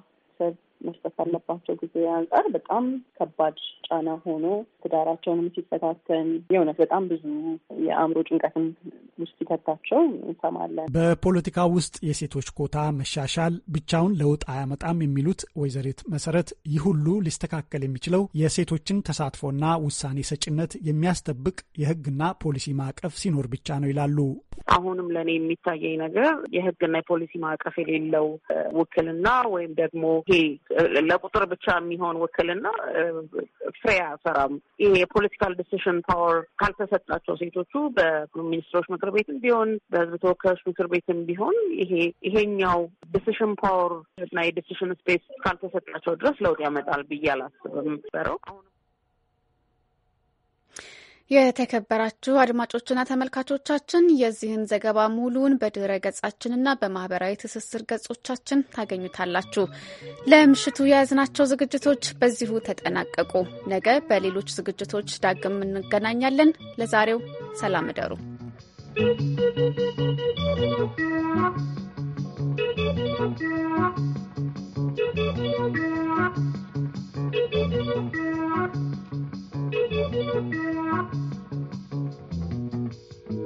መስጠት አለባቸው ጊዜ አንጻር በጣም ከባድ ጫና ሆኖ ትዳራቸውንም ሲፈታተን የእውነት በጣም ብዙ የአእምሮ ጭንቀትም ውስጥ ይከታቸው እንሰማለን። በፖለቲካ ውስጥ የሴቶች ኮታ መሻሻል ብቻውን ለውጥ አያመጣም የሚሉት ወይዘሪት መሰረት ይህ ሁሉ ሊስተካከል የሚችለው የሴቶችን ተሳትፎና ውሳኔ ሰጭነት የሚያስጠብቅ የህግና ፖሊሲ ማዕቀፍ ሲኖር ብቻ ነው ይላሉ። አሁንም ለእኔ የሚታየኝ ነገር የህግና የፖሊሲ ማዕቀፍ የሌለው ውክልና ወይም ደግሞ ይሄ ለቁጥር ብቻ የሚሆን ውክልና ፍሬ አያሰራም። ይሄ የፖለቲካል ዲሲሽን ፓወር ካልተሰጣቸው ሴቶቹ በሚኒስትሮች ምክር ቤትም ቢሆን በህዝብ ተወካዮች ምክር ቤትም ቢሆን ይሄ ይሄኛው ዲሲሽን ፓወር እና የዲሲሽን ስፔስ ካልተሰጣቸው ድረስ ለውጥ ያመጣል ብዬ አላስብም ነበረው። የተከበራችሁ አድማጮችና ተመልካቾቻችን የዚህን ዘገባ ሙሉውን በድረ ገጻችንና በማህበራዊ ትስስር ገጾቻችን ታገኙታላችሁ። ለምሽቱ የያዝናቸው ዝግጅቶች በዚሁ ተጠናቀቁ። ነገ በሌሎች ዝግጅቶች ዳግም እንገናኛለን። ለዛሬው ሰላም እደሩ። Thank you.